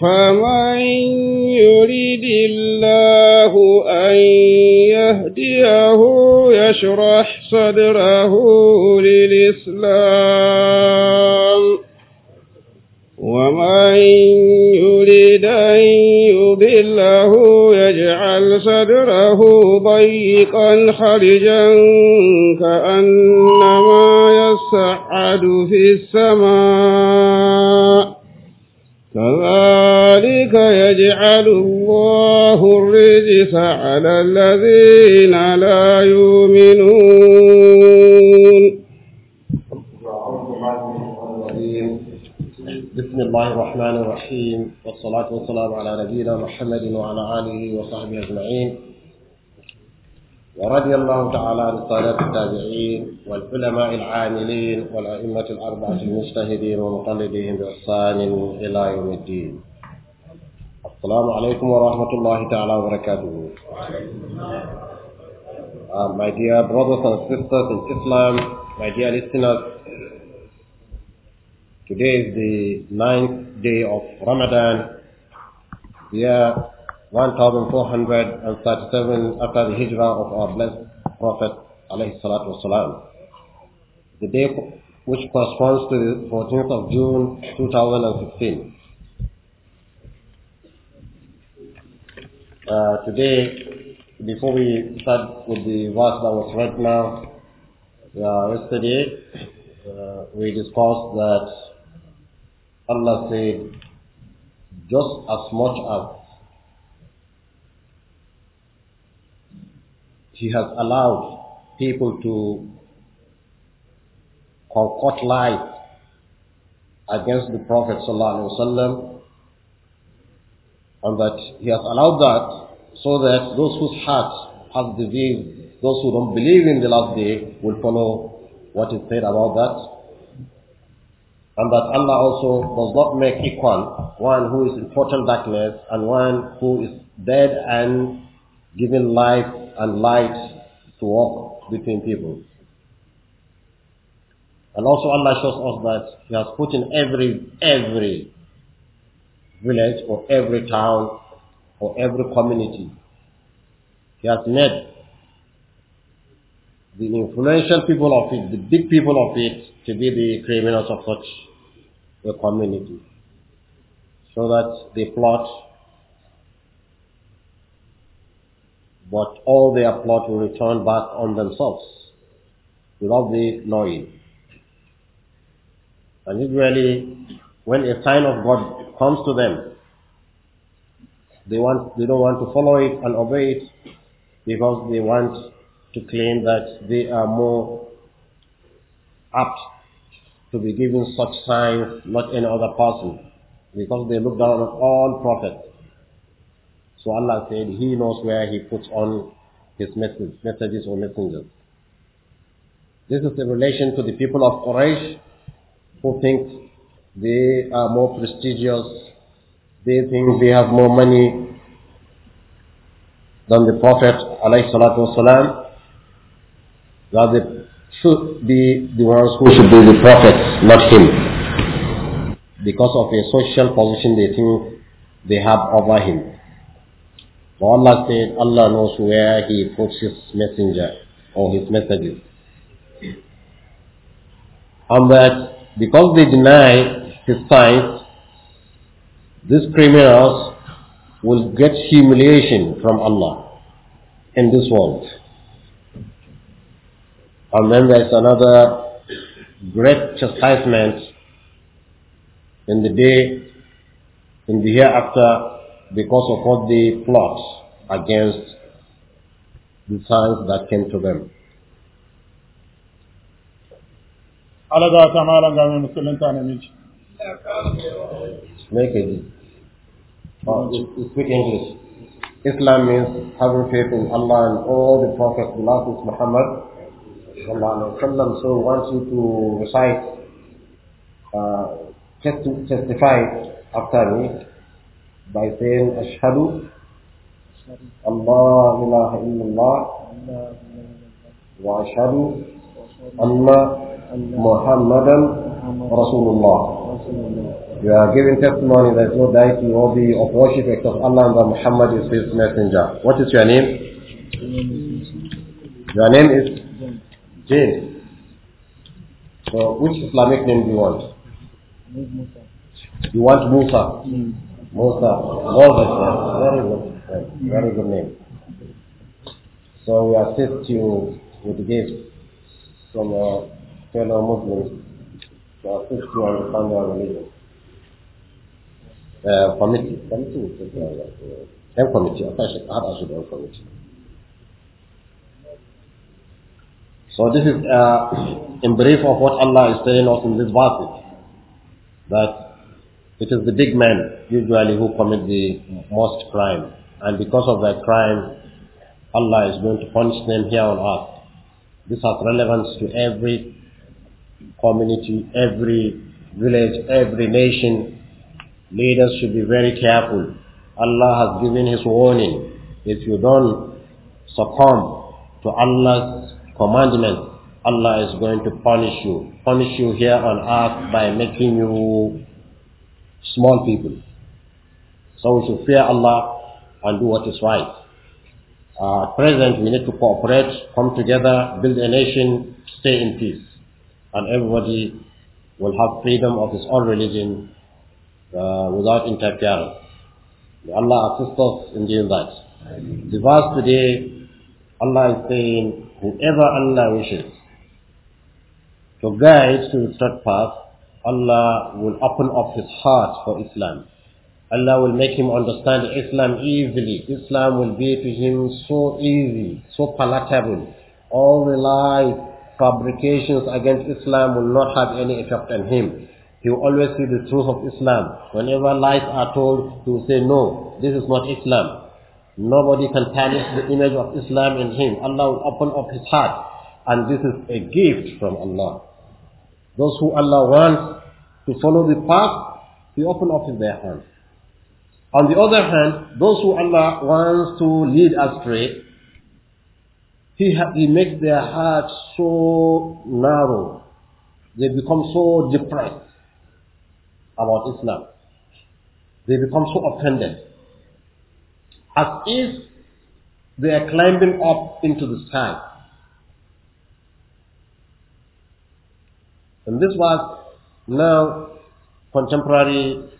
فمن يريد الله أن يهديه يشرح صدره للإسلام ومن يريد أن يضله يجعل صدره ضيقا حرجا كأنما يسعد في السماء كذلك يجعل الله الرجس على الذين لا يؤمنون بسم الله الرحمن الرحيم والصلاة والسلام على نبينا محمد وعلى آله وصحبه أجمعين ورضي الله تعالى عن السادات التابعين والعلماء العاملين والأئمة الأربعة المجتهدين ومقلدين بإحسان إلى يوم الدين السلام عليكم ورحمة الله تعالى وبركاته uh, My dear brothers and sisters in Islam, my dear listeners, today is the ninth day of Ramadan, year 1437 after the hijrah of our blessed Prophet alayhi The day which corresponds to the 14th of June 2016. Uh, today, before we start with the verse that was read now, uh, yesterday uh, we discussed that Allah said, just as much as He has allowed people to concoct lies against the Prophet ﷺ and that he has allowed that so that those whose hearts have disease, those who don't believe in the last day will follow what is said about that and that Allah also does not make equal one who is in total darkness and one who is dead and giving life and light to walk between people. And also Allah shows us that He has put in every, every village or every town or every community. He has made the influential people of it, the big people of it, to be the criminals of such a community. So that they plot but all their plot will return back on themselves without the knowing. And usually, when a sign of God comes to them, they want they don't want to follow it and obey it because they want to claim that they are more apt to be given such signs, not any other person, because they look down on all prophets. So Allah said, He knows where He puts on His message, messages or messengers. This is in relation to the people of Quraysh who think they are more prestigious, they think they have more money than the Prophet والسلام, that they should be the ones who should be the prophets, not him. Because of a social position they think they have over him. Allah said, Allah knows where He puts His messenger or His messages. And that because they deny His signs, these criminals will get humiliation from Allah in this world. And then there's another great chastisement in the day, in the hereafter, because of what they plot against the signs that came to them. make it oh, speak english islam means having faith in allah and all the prophets the last is muhammad so wants you to recite uh, testify after me by saying ashhadu الله إله إلا الله وأشهد أن محمدا رسول الله You are giving testimony that no deity be of worship except Allah and that Muhammad is his messenger. What is your name? Your name is Jane. So which Islamic name do you want? You want Musa. Musa. Moses. Very good. Very good name. So we assist you with gifts from your uh, fellow Muslims to assist you understand your religion. Uh, committee, committee will take care of that. Uh, M committee, I should committee. So this is uh, in brief of what Allah is telling us in this verse. That it is the big men usually who commit the most crime and because of their crime, Allah is going to punish them here on earth. This has relevance to every community, every village, every nation. Leaders should be very careful. Allah has given his warning. If you don't succumb to Allah's commandment, Allah is going to punish you. Punish you here on earth by making you small people. So we should fear Allah and do what is right. Uh, at present, we need to cooperate, come together, build a nation, stay in peace. And everybody will have freedom of his own religion uh, without interference. May Allah assist us in doing that. The verse today, Allah is saying, whoever Allah wishes to guide to the straight path, Allah will open up his heart for Islam. Allah will make him understand Islam easily. Islam will be to him so easy, so palatable. All the lies, fabrications against Islam will not have any effect on him. He will always see the truth of Islam. Whenever lies are told, he will say, no, this is not Islam. Nobody can tarnish the image of Islam in him. Allah will open up his heart. And this is a gift from Allah. Those who Allah wants to follow the path, he opens up their hands. On the other hand, those who Allah wants to lead astray, He, he makes their hearts so narrow. They become so depressed about Islam. They become so offended. As if they are climbing up into the sky. And this was now contemporary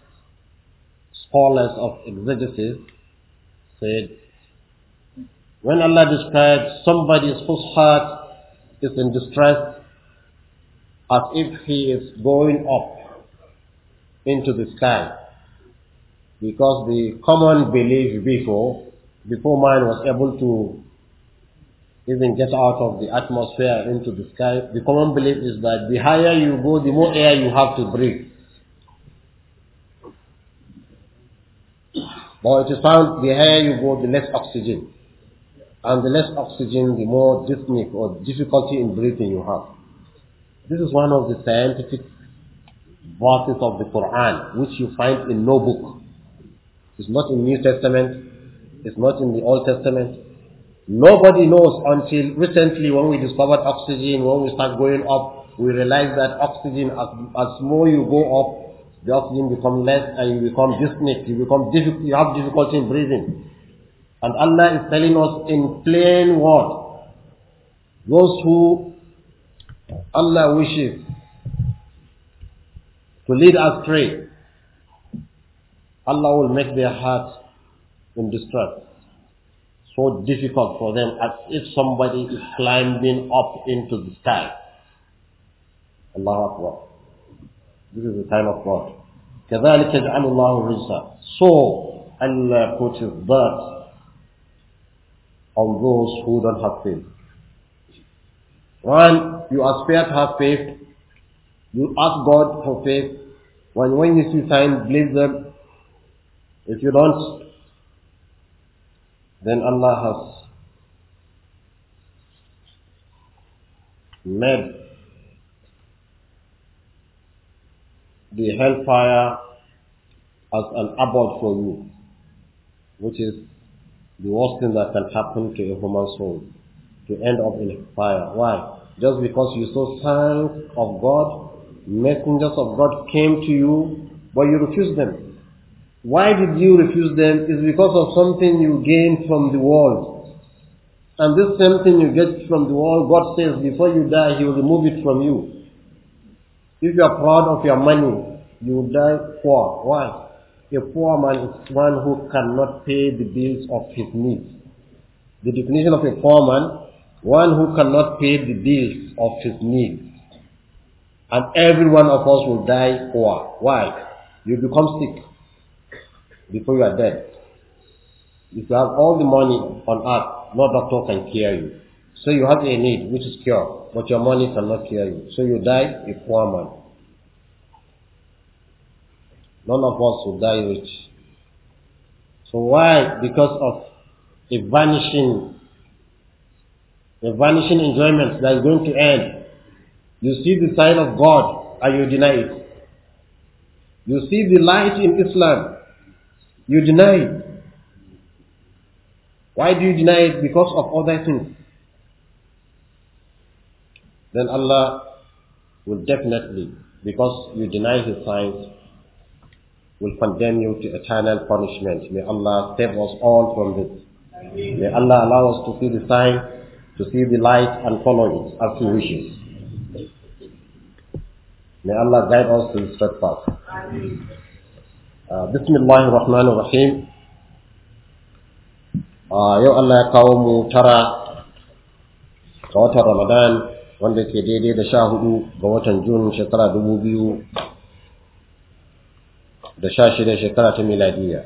scholars of exegesis said, when Allah describes somebody whose heart is in distress as if he is going up into the sky, because the common belief before, before man was able to even get out of the atmosphere into the sky, the common belief is that the higher you go, the more air you have to breathe. But it is found the higher you go, the less oxygen. And the less oxygen, the more dyspneic or difficulty in breathing you have. This is one of the scientific verses of the Quran, which you find in no book. It's not in New Testament. It's not in the Old Testament. Nobody knows until recently when we discovered oxygen, when we start going up, we realize that oxygen, as, as more you go up, the oxygen become less and you become dyspneic, you become difficult, you have difficulty in breathing. And Allah is telling us in plain words, those who Allah wishes to lead astray, Allah will make their hearts in distress so difficult for them as if somebody is climbing up into the sky. Allah Akbar. This is the time of God. كَذَلِكَ جَعَلُ اللَّهُ الرِّزْقَ So Allah uh, puts His birth on those who don't have faith. When you are spared to have faith, you ask God for faith. When, when you see signs, believe them. If you don't, then Allah has made the hellfire as an abode for you, which is the worst thing that can happen to a human soul, to end up in fire. Why? Just because you saw signs of God, messengers of God came to you, but you refused them. Why did you refuse them? It's because of something you gained from the world. And this same thing you get from the world, God says before you die, He will remove it from you. If you are proud of your money, you will die poor. Why? A poor man is one who cannot pay the bills of his needs. The definition of a poor man, one who cannot pay the bills of his needs. And every one of us will die poor. Why? You become sick before you are dead. If you have all the money on earth, no doctor can cure you. So you have a need which is cure, but your money cannot cure you. So you die a poor man. None of us will die rich. So why? Because of a vanishing, a vanishing enjoyment that is going to end. You see the sign of God and you deny it. You see the light in Islam, you deny it. Why do you deny it? Because of other things then Allah will definitely, because you deny His signs, will condemn you to eternal punishment. May Allah save us all from this. May Allah allow us to see the sign, to see the light and follow it as He wishes. May Allah guide us to the straight path. Uh, Bismillah ar-Rahman ar-Rahim. Uh, Allah kaumu tara Ramadan wanda ke daidai da sha hudu ga watan Juni shekara dubu biyu da sha shida shekara ta miladiya.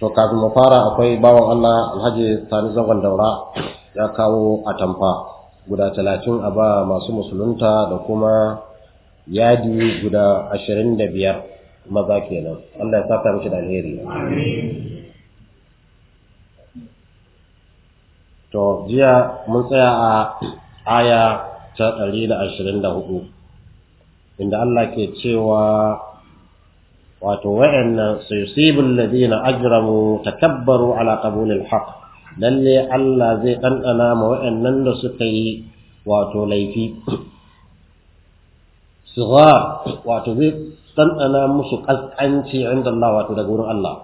To, kafin mu fara akwai bawan Allah Alhaji Sani zagon Daura ya kawo atamfa guda talatin a ba masu musulunta da kuma yadi guda ashirin da biyar maza kenan. Allah ya saka mishi da alheri. to jiya mun tsaya a aya ta 124 inda Allah ke cewa wato wa'annan sayusibul ladina ajramu takabbaru ala qabulil haqq lalle Allah zai dandana ma wa'annan da suka yi wato laifi sigar wato zai dandana musu ƙasƙanci inda Allah wato daga wurin Allah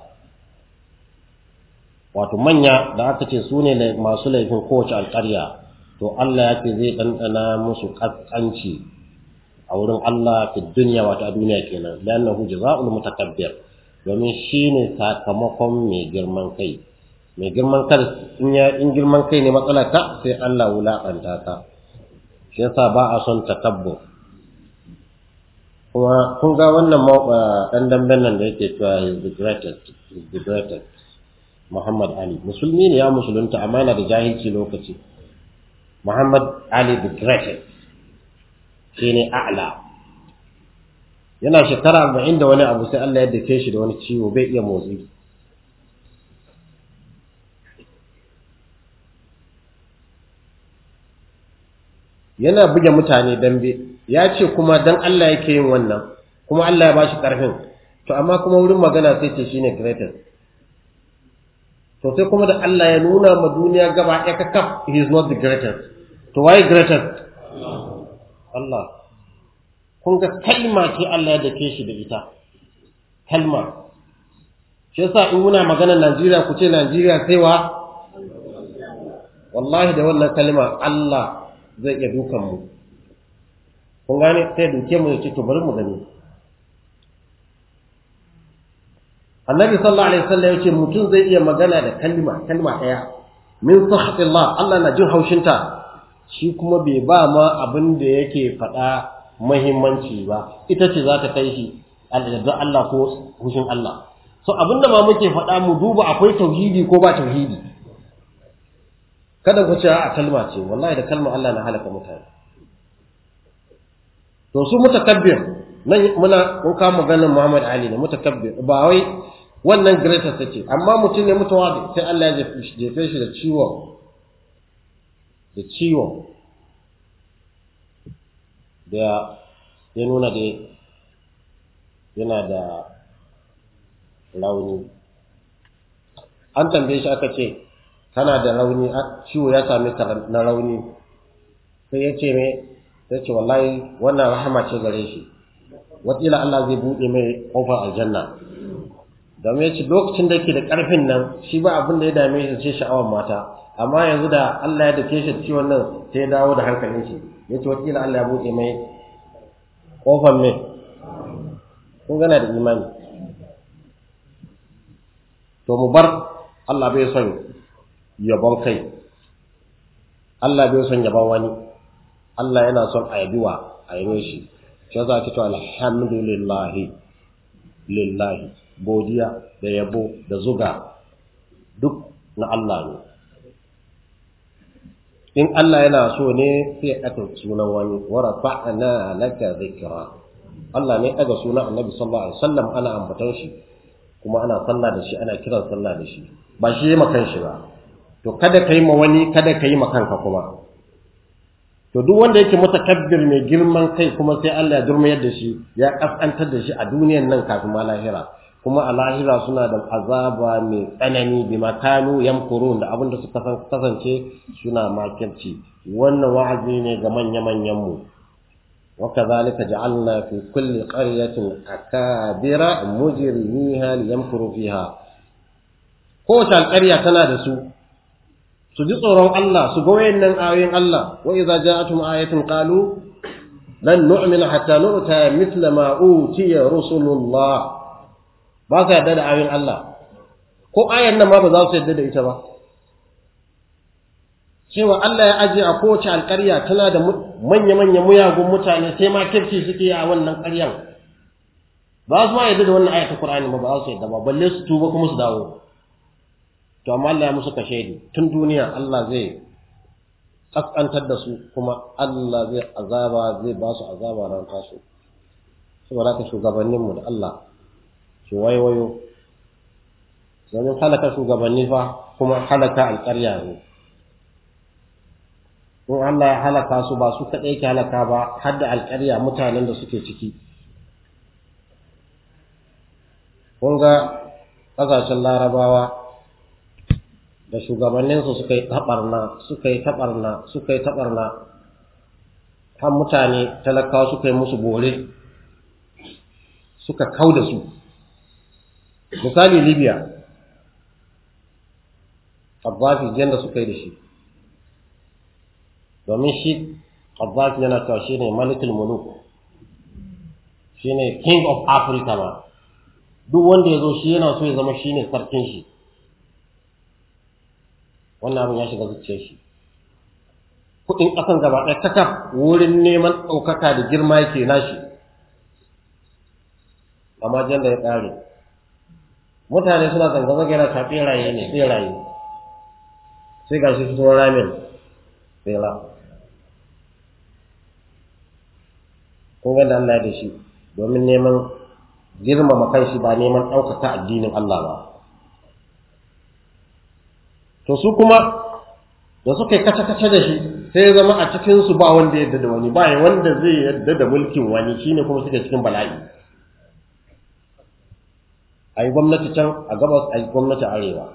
wato manya da aka ce su ne masu laifin kowace alkarya to Allah ya ce zai ɗanɗana musu ƙasƙanci a wurin Allah fi duniya wato a duniya kenan lannahu jaza'ul mutakabbiyar domin shine sakamakon mai girman kai mai girman kai in girman kai ne matsalata sai Allah wulaƙanta ta shi yasa ba a son takabbur kuma kun ga wannan ɗan damben nan da yake cewa is the greatest Muhammad Ali musulmi ne ya musulunta amma yana da jahilci lokaci Muhammad Ali the greatest shine a'la yana shekara 40 da wani abu sai Allah ya dake shi da wani ciwo bai iya motsi yana buge mutane dambe ya ce kuma dan Allah yake yin wannan kuma Allah ya bashi karfin to amma kuma wurin magana sai ce shine greatest to sai kuma da Allah ya nuna ma duniya gaba ɗaya ka kaf he is not the greatest to why greatest Allah kun ga kalma ce Allah ya dake shi da ita kalma shi yasa in muna magana Najeriya ku ce Najeriya sai wa wallahi da wannan kalma Allah zai iya dukan mu kun gane sai duke mu ya ce to bari mu gani annabi sallallahu alaihi wasallam yace mutum zai iya magana da kalma kalma daya min sahhatillah Allah na jin haushinta shi kuma bai ba ma abin da yake faɗa muhimmanci ba ita ce za ta kai shi aljanna Allah ko hushin Allah so abinda ma muke faɗa mu duba akwai tauhidi ko ba tauhidi kada ku ce a kalma ce wallahi da kalma Allah na halaka mutane to su mutakabbir nan muna ko ka magana Muhammad Ali ne mutakabbir ba wai wannan ta take amma mutum ne da sai Allah ya jefe shi da ciwon da ciwon da ya nuna da yana da rauni an tambaye shi aka ce kana da rauni ciwo ya sami ka na rauni sai ya ce mai ta ce wallahi wannan rahama ce gare shi watsila Allah zai buɗe mai ƙofar aljanna domin ya ce lokacin da yake da ƙarfin nan shi ba abin da ya dame shi sai sha'awar mata amma yanzu da Allah ya dake shi ciwon nan sai ya dawo da hankalin shi ya ce wakila Allah ya buɗe mai ƙofar mai kun gana da imani to mu bar Allah bai son yabon kai Allah bai son yabon wani Allah yana son a yabiwa a yi shi shi yasa ce to alhamdulillah lillahi godiya da yabo da zuga duk na Allah ne in Allah yana so ne sai ya ɗaga sunan wani wa rafa'na laka zikra Allah ne ɗaga sunan Annabi sallallahu alaihi wasallam ana ambaton shi kuma ana sallah da shi ana kiran sallah da shi ba shi yi makan shi ba to kada kai ma wani kada kai ma kanka kuma to duk wanda yake mutakabbir mai girman kai kuma sai Allah ya durmayar da shi ya kasantar da shi a duniyar nan kafin ma lahira kuma a lahira suna da azaba mai tsanani bi makanu yamkurun da abinda suka kasance suna makirci wannan wa'azi ne ga manya-manyan mu wa kadhalika ja'alna fi kulli qaryatin akabira mujrimiha liyamkuru fiha ko ta ƙarya tana da su su ji tsoron Allah su ga wayannan ayoyin Allah wa idza ja'atuhum ayatun qalu lan nu'mina hatta nu'ta mithla ma utiya rusulullah ba sa yarda da ayoyin Allah ko ayan nan ma ba za su yarda da ita ba cewa Allah ya ajiye a kowace alƙarya tana da manya-manya muyagun mutane sai ma kirki suke a wannan ƙaryan ba su ma yarda da wannan ayat ta Qur'ani ba ba za su yarda ba balle su tuba kuma su dawo to amma Allah ya musu ne tun duniya Allah zai kaskantar da su kuma Allah zai azaba zai ba su azaba ran kasu saboda ka shugabanninmu da Allah ke waiwayo domin halaka shugabanni fa kuma halaka alƙarya ne in Allah ya halaka su ba su kaɗai ke halaka ba har da alƙarya mutanen da suke ciki kun ga ƙasashen larabawa da shugabanninsu suka yi taɓarna suka yi suka yi har mutane talakawa suka yi musu bore suka kau da su misali libya Qaddafi yadda suka yi da shi domin shi Qaddafi yana cewa shi ne malikul muluk shi ne king of africa ba duk wanda ya zo shi yana so ya zama shi ne sarkin shi wannan abin ya shiga zuciyar shi kuɗin ƙasan gaba ɗaya kakaf wurin neman ɗaukaka da girma yake nashi amma janda ya ƙare mutane suna zanga-zanga yana ta beraye ne beraye sai ga shi fitowar ramin tsela kun ga Allah da shi domin neman girmama kanshi ba neman ɗaukaka addinin Allah ba to su kuma da suka yi kace-kace da shi sai zama a cikinsu ba wanda yadda da wani ba wanda zai yadda da mulkin wani shine kuma suke cikin bala'i a yi gwamnati can a gabas a yi gwamnati arewa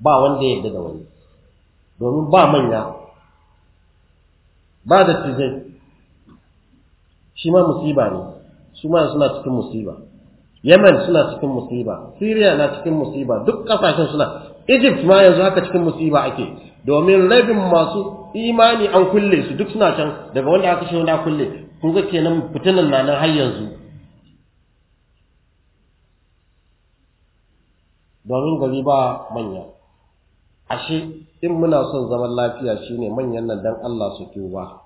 ba wanda ya yarda da wani domin ba manya ba da tijai shi ma musiba ne su ma suna cikin musiba yemen suna cikin musiba syria na cikin musiba duk kasashen suna egypt ma yanzu haka cikin musiba ake domin rabin masu imani an kulle su duk suna can daga wanda aka shi wanda kulle kun ga kenan fitinan na nan har yanzu domin gari ba manya ashe in muna son zaman lafiya shine manyan nan dan Allah su tuba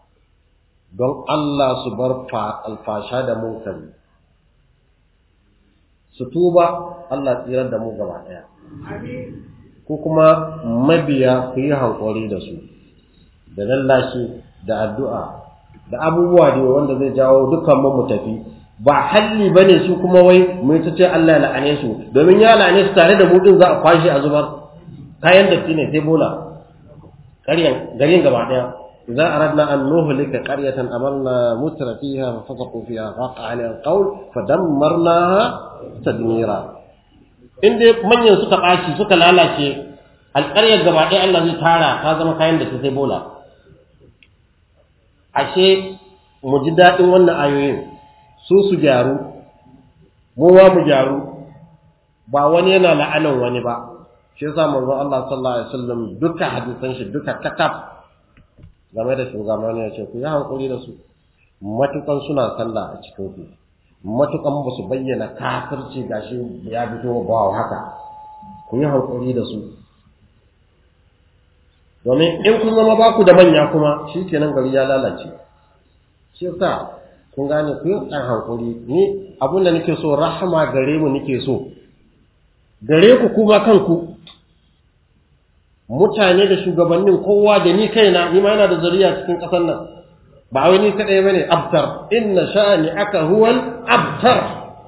don Allah su bar alfasha da munkari su tuba Allah tsira da mu gaba daya ko kuma mabiya ku yi hankali da su da lallashi da addu'a da abubuwa da wanda zai jawo dukkan mu tafi ba halli ba ne su kuma wai mai ta ce Allah ya la'ane su domin ya la'ane su tare da mutum za a kwashe a zubar kayan da ne sai bola ƙaryan garin gaba ɗaya za a radna an nuhu lika ƙaryatan amarna mutara fiya fasa kofiya ba a halin kawul fa dammar na tadmira inda manyan suka ɓaci suka lalace alƙaryar gaba ɗaya Allah zai tara ka zama kayan da sai bola ashe mu ji daɗin wannan ayoyin so su gyaru mowa mu gyaru ba wani yana la'anan wani ba shi yasa manzon Allah sallallahu alaihi wasallam duka hadisan shi duka katab game da shugaban ya ce ku yi hankuri da su matukan suna sallah a cikin ku matukan ba su bayyana kafirci gashi ya fito ba haka ku yi hankuri da su domin in kun zama ba ku da manya kuma shi kenan gari ya lalace shi yasa kun gane ku dan hankuri ni abinda nake so rahama gare mu nake so gare ku kuma kanku mutane da shugabannin kowa da ni kaina ni ma yana da zariya cikin ƙasar nan ba wai ni kadai bane abtar inna sha'ani aka huwal abtar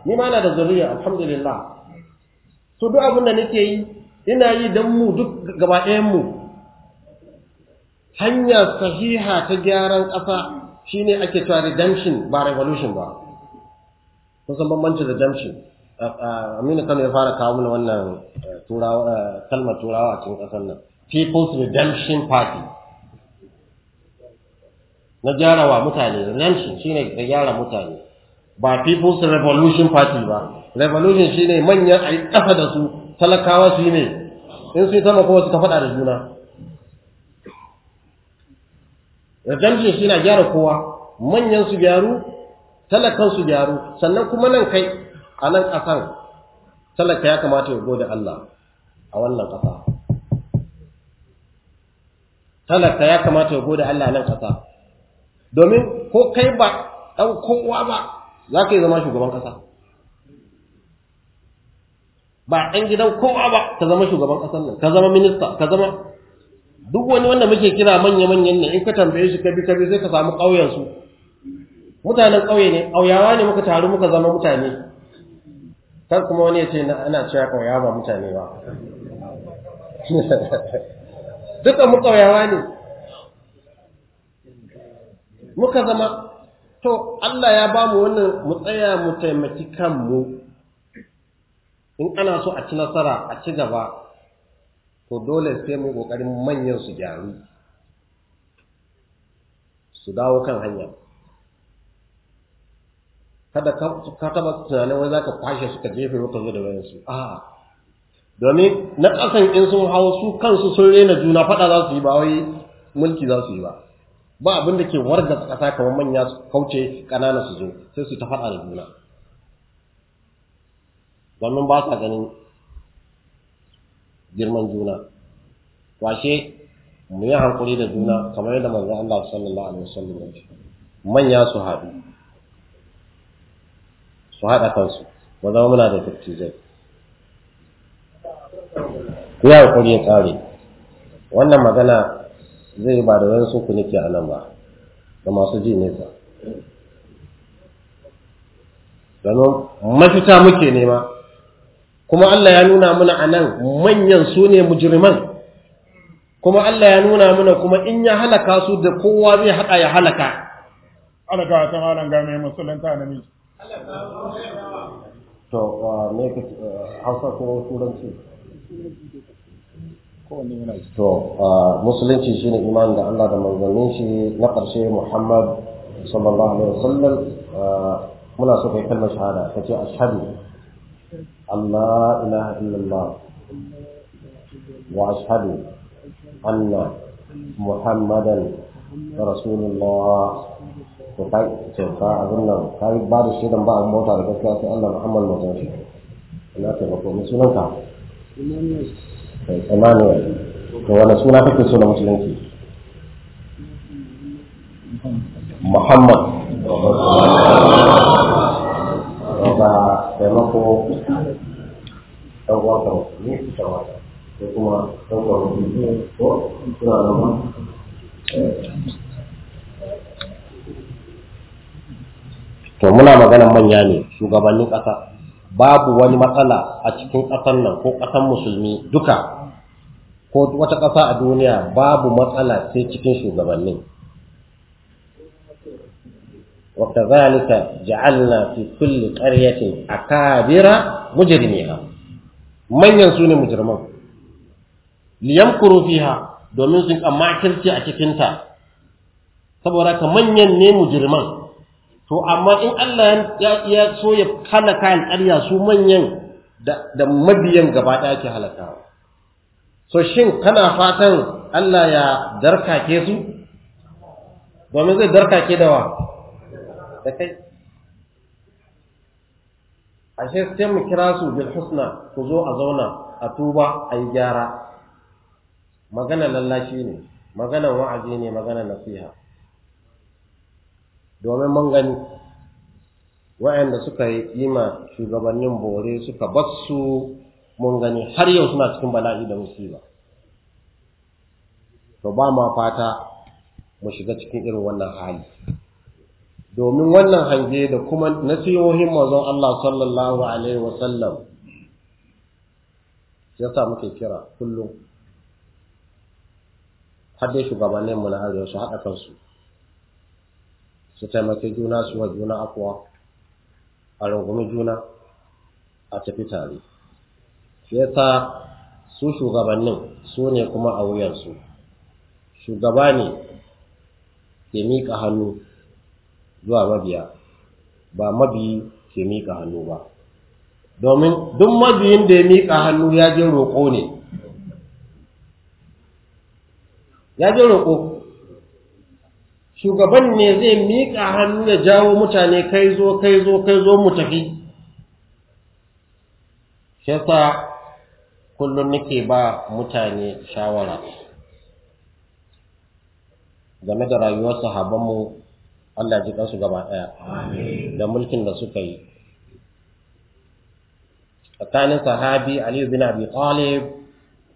ni ma yana da zariya alhamdulillah to duk abin nake yi ina yi dan mu duk gaba ɗayan mu hanya sahiha ta gyaran ƙasa Shi ne ake cewa redemption ba revolution ba kun san bambancin redemption Aminu Kano ya fara kawo mana wannan eh, eh, kalmar turawa a cikin ƙasar nan People's Redemption Party na gyarawa mutane redemption ne da gyara mutane ba People's Revolution Party ba revolution ne manyan a yi kafa da su talakawa su yi ne in su yi sama kuma su ta faɗa da juna zamjin shi na gyara kowa manyan su gyaru talakan su gyaru sannan kuma nan kai a nan ƙasan talaka ya kamata ya gode Allah a wannan ƙasa talaka ya kamata ya gode Allah a nan ƙasa domin ko kai ba ɗan kowa ba za ka yi zama shugaban ƙasa ba ɗan gidan kowa ba ka zama shugaban ƙasar nan ka zama minista ka zama duk wani wanda muke kira manya-manyan nan in ka tambaye shi kabi kabi sai ka samu ƙauyensu mutanen ƙauye ne ƙauyawa ne muka taru muka zama mutane kar kuma wani ya ce ana cewa ƙauyawa ba mutane ba duka mu ƙauyawa ne muka zama to Allah ya ba mu wannan mu tsaya mu taimaki kanmu in ana so a ci nasara a ci gaba to dole sai mu kokarin manyan su gyaru su dawo kan hanya kada ka taba tunanin wai zaka kwashe su ka jefe ka zo da su a domin na ƙasan in sun hawo su kansu sun rena juna faɗa za su yi ba wai mulki za su yi ba ba abin da ke warga ƙasa kamar manya su kauce ƙanana su zo sai su ta faɗa da juna wannan ba sa ganin girman juna washe mu yi hankuri da juna kamar yadda maza Allah sallallahu alaihi wasallam ya ce manya su haɗu su haɗa kansu ba zama muna da dattijai ku yi hankuri ya tsare wannan magana zai ba da wani suku nake a nan ba da masu ji nesa domin mafita muke nema kuma Allah ya nuna mana a nan manyan su ne mujirman kuma Allah ya nuna mana kuma in ya halaka su da kowa zai haɗa ya halaka halaka a tamalan ga mai musulunta na miji to me ka eh, hausa ko turanci to musulunci shine iman da Allah da manzannin shi na ƙarshe Muhammad sallallahu alaihi wasallam muna so kai kalmar shahada kace ashhadu أن لا إله إلا الله وأشهد أن to kai ba da ba a mota da gaskiya sai Allah Muhammad shi ina ta bako mai sunan ka kai to suna kake musulunci Muhammad to muna maganan manya ne shugabannin ƙasa babu wani matsala a cikin ƙasan nan ko ƙasan musulmi duka ko wata ƙasa a duniya babu matsala sai cikin shugabannin Wata وكذلك fi kulli qaryatin akabira أكابر manyan su ne mujrimin liyamkuru fiha domin sun makirci a cikinta saboda ka manyan ne mujirman to amma in Allah ya so ya halaka alƙarya su manyan da mabiyan gaba ɗaya ke halakawa so shin kana fatan Allah ya darkake su domin zai darkake da wa da kai ashe sai mu kira su bil husna ku zo a zauna a tuba a yi gyara magana lallashi ne magana wa'azi ne magana nasiha domin mun gani wa'anda suka yi kima shugabannin bore suka basu mun gani har yau suna cikin bala'i da musiba to ba ma fata mu shiga cikin irin wannan hali domin wannan hange da kuma nasihohin mazan Allah sallallahu alaihi wasallam ya sa muke kira kullum har dai shugabannin mu na arewa su haɗa kansu su taimake juna su wa juna akwa a rungumi juna a tafi tare shi yasa su shugabannin su ne kuma a wuyansu shugaba ne ke miƙa hannu zuwa mabiya ba mabiyi ke miƙa hannu ba domin duk mabiyin da ya miƙa hannu ya je roƙo ne ya je roƙo shugaban ne zai miƙa hannu ya jawo mutane kai zo kai zo kai zo mu tafi shesa kullum nake ba mutane shawara game da rayuwar sahabanmu Allah ji kansu gaba ɗaya da mulkin da suka yi tsakanin sahabi Aliyu bin Abi Talib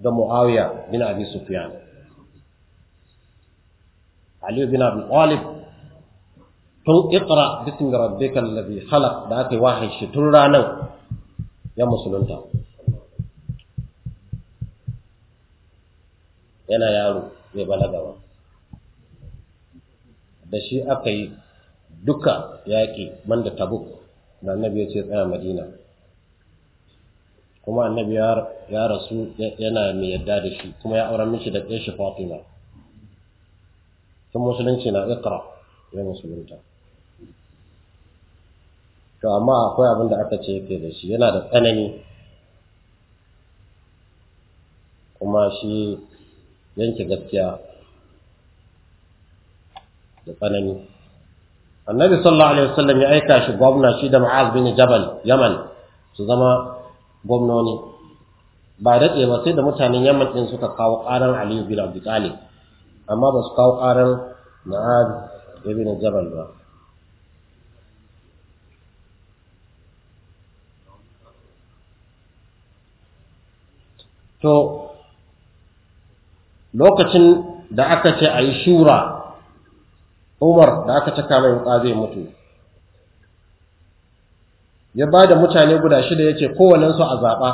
da Muawiya bin Abi Sufyan Ali bin Abi Talib tun iqra bismi rabbikal ladhi khalaq da aka yi wahayi shi tun ranar ya musulunta yana yaro bai balaga ba da shi aka yi duka yaƙi man da tabuk da annabi ya ce tsaya madina kuma annabi ya rasu yana mai yadda da shi kuma ya auren mishi da ɗaya shi fatima sun musulunci na ikra ya musulunta to amma akwai abin da aka ce yake da shi yana da tsanani kuma shi yanke gaskiya da tsanani annabi sallallahu alaihi wasallam ya aika shi gwamna shi da ma'az bin jabal yaman su zama gwamnoni ba daɗe ba sai da mutanen yaman ɗin suka kawo ƙaran aliyu bin abi talib amma ba su kawo ƙarar ma'ad ibn jabal ba to lokacin da aka ce a yi shura umar da aka ce kamar wuka zai mutu ya ba da mutane guda shida ya ce su a zaɓa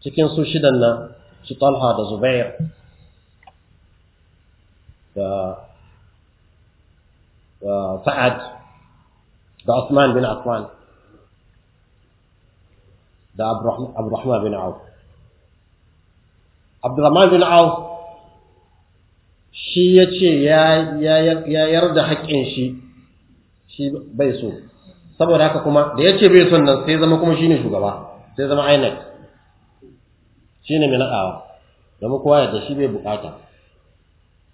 cikin su shidan nan شو طلعه هذا زبير ف فعد ده عثمان بن عثمان ده عبد الرحمن عبد الرحمن بن عوف عبد الرحمن بن عوف شي يجي يا يا يا يرد حقين شي شي بيسو saboda haka kuma da yace bai son nan sai zama kuma shine shugaba sai zama ainihin shine mai nadawa domin kowa ya shi bai bukata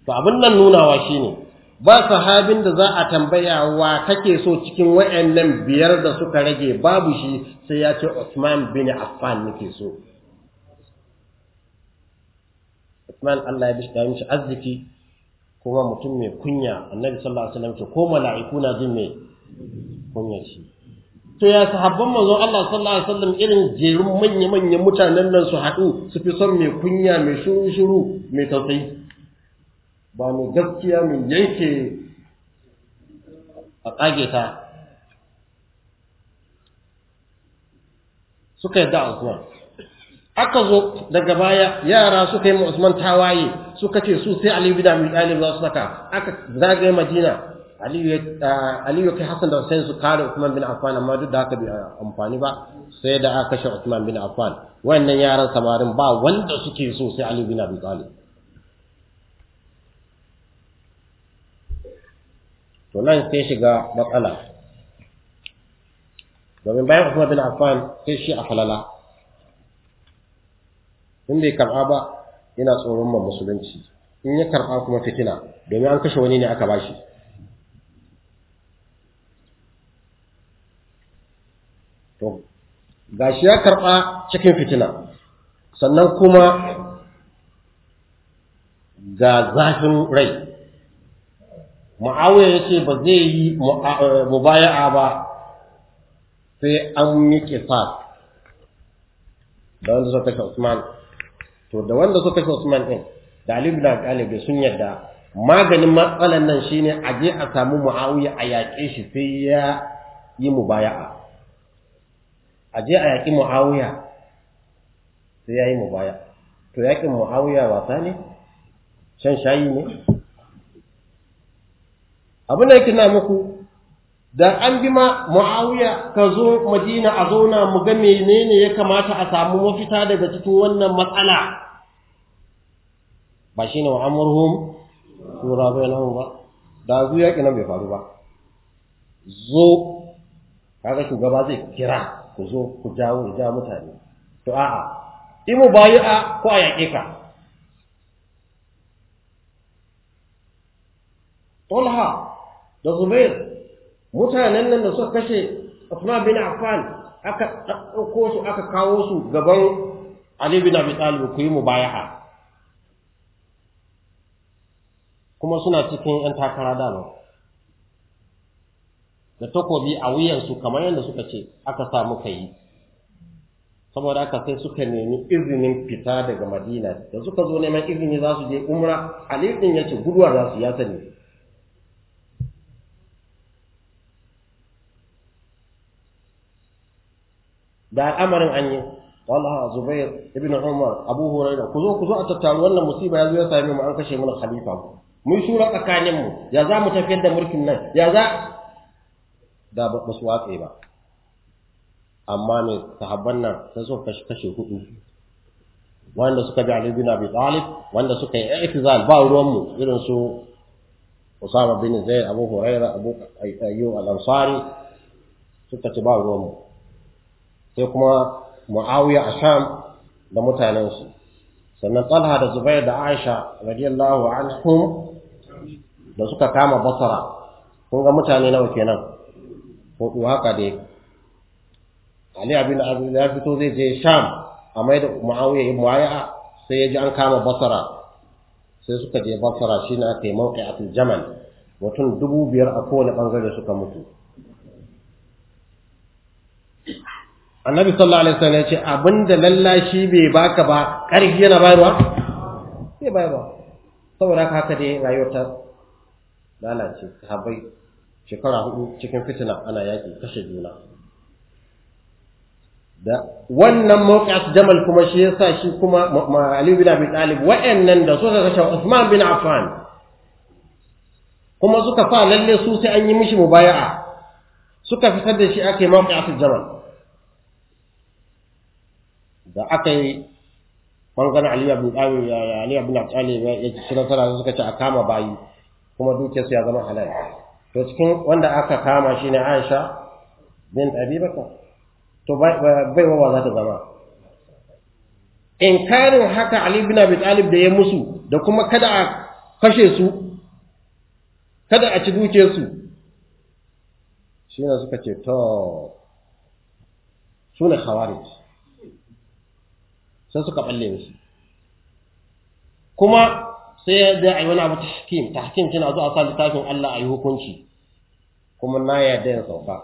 to abin nan nunawa shine ba sahabin da za a tambaya wa kake so cikin nan biyar da suka rage babu shi sai ya ce Usman bin Affan nake so Usman Allah ya bishka yin shi arziki kuma mutum mai kunya Annabi sallallahu alaihi wasallam ce ko mala'iku na jin mai kunya shi to ya sahabban manzon Allah sallallahu alaihi wasallam irin jerin manya-manyan mutanen nan su haɗu su fi son mai kunya mai shuru-shuru mai tausayi ba mai gaskiya mai yanke a kage ta suka yi a Usman aka zo daga baya yara suka yi Usman tawaye suka ce su sai Ali bin Abi Talib za su saka aka zagaye Madina Eh, Aliyu kai Hassan da Hussein su kare Usman bin Affan amma duk da haka bai eh, amfani ba sai da aka kashe Usman bin Affan wannan yaran samarin ba wanda suke so sai Aliyu bin Abi Talib to nan sai shiga matsala domin bayan Usman bin Affan sai shi a falala in bai karɓa ba yana tsoron musulunci in ya karɓa kuma fitina domin an kashe wani ne aka bashi gashi ya karɓa cikin fitina sannan kuma ga zafin rai ma'awiya ya ce ba zai yi eh, mubaya'a ba sai an yi kisas da wanda suka kashe Usman to da wanda suka kashe Usman ɗin, da na ibn sun yadda maganin matsalan nan shine a je a samu Muawiya a yaƙe shi sai ya yi mubaya'a a je a yaƙi muawiya sai ya yi mu baya to yaƙin muawiya wasa ne shan shayi ne abin da yake na muku da an bi ma muawiya ka zo madina a zauna mu ga menene ya kamata a samu mafita daga cikin wannan matsala ba shine wa amurhum sura bainahum ba da zu yaƙi nan bai faru ba zo kaga shugaba zai kira ku zo ku jawo ja mutane to a'a in mu bayi a ko a yaƙe ka Tolha da Zubair mutanen nan da suka kashe Uthman bin Affan aka ɗauko su aka kawo su gaban Ali bin Abi Talib ku yi mubaya'a kuma suna cikin 'yan takara nan. da takobi a su kamar yadda suka ce aka sa muka yi saboda aka sai suka nemi izinin fita daga madina da suka zo neman izini za su je umra alifin ya ce guduwa za su ya sani da al'amarin anyi, yi wallaha zubair ibn umar abu hurairah ku zo ku zo a tattaru wannan musiba ya zo ya same mu an kashe mana khalifa mu shura tsakanin mu ya za mu tafiyar da mulkin nan ya za da ba su watse ba amma ne sahabban nan sai suka kashe kashe hudu wanda suka bi Ali bin Abi Talib wanda suka yi i'tizal ba ruwan mu irin su Usama bin Zaid Abu Huraira Abu Ayyub al-Ansari suka ci ba ruwan mu sai kuma Muawiya a Sham da mutanen su sannan Talha da Zubair da Aisha radiyallahu anhum da suka kama Basra kun ga mutane nawa kenan hudu haka dai Ali abin Aziz ya fito zai je Sham a mai da Muawiya ya muaya'a sai ya ji an kama basara sai suka je basara shine aka yi mawqi'atul Jamal mutum dubu biyar a kowane bangare suka mutu Annabi sallallahu alaihi wasallam ya ce abinda lallashi bai baka ba karfi yana bayarwa sai bayarwa saboda haka dai rayuwar ta lalace sahabbai shekara hudu cikin fitina ana yaƙi kashe juna da wannan mawqif jamal kuma shi yasa shi kuma Ali bin Abi Talib wa'annan da suka kashe Usman bin Affan kuma suka fa lalle su sai an yi mishi mubaya'a suka fitar da shi aka yi mawqif jamal da aka yi bangaren Ali bin Abi Ali bin Abi Talib ya ci nasara suka ce a kama bayi kuma dukiyarsu ya zama halal to cikin wanda aka kama shi ne Aisha bin Abi to bai wawa za ta zama inkarin haka alibin ibn Talib da ya musu da kuma kada a kashe su kada a ci duke su shine suka ce to Su ne khawarij sai suka balle musu kuma sai ya da ai wani abu tahkim tahkim tana zuwa sa littafin Allah ayi hukunci kuma na yarda ya sauka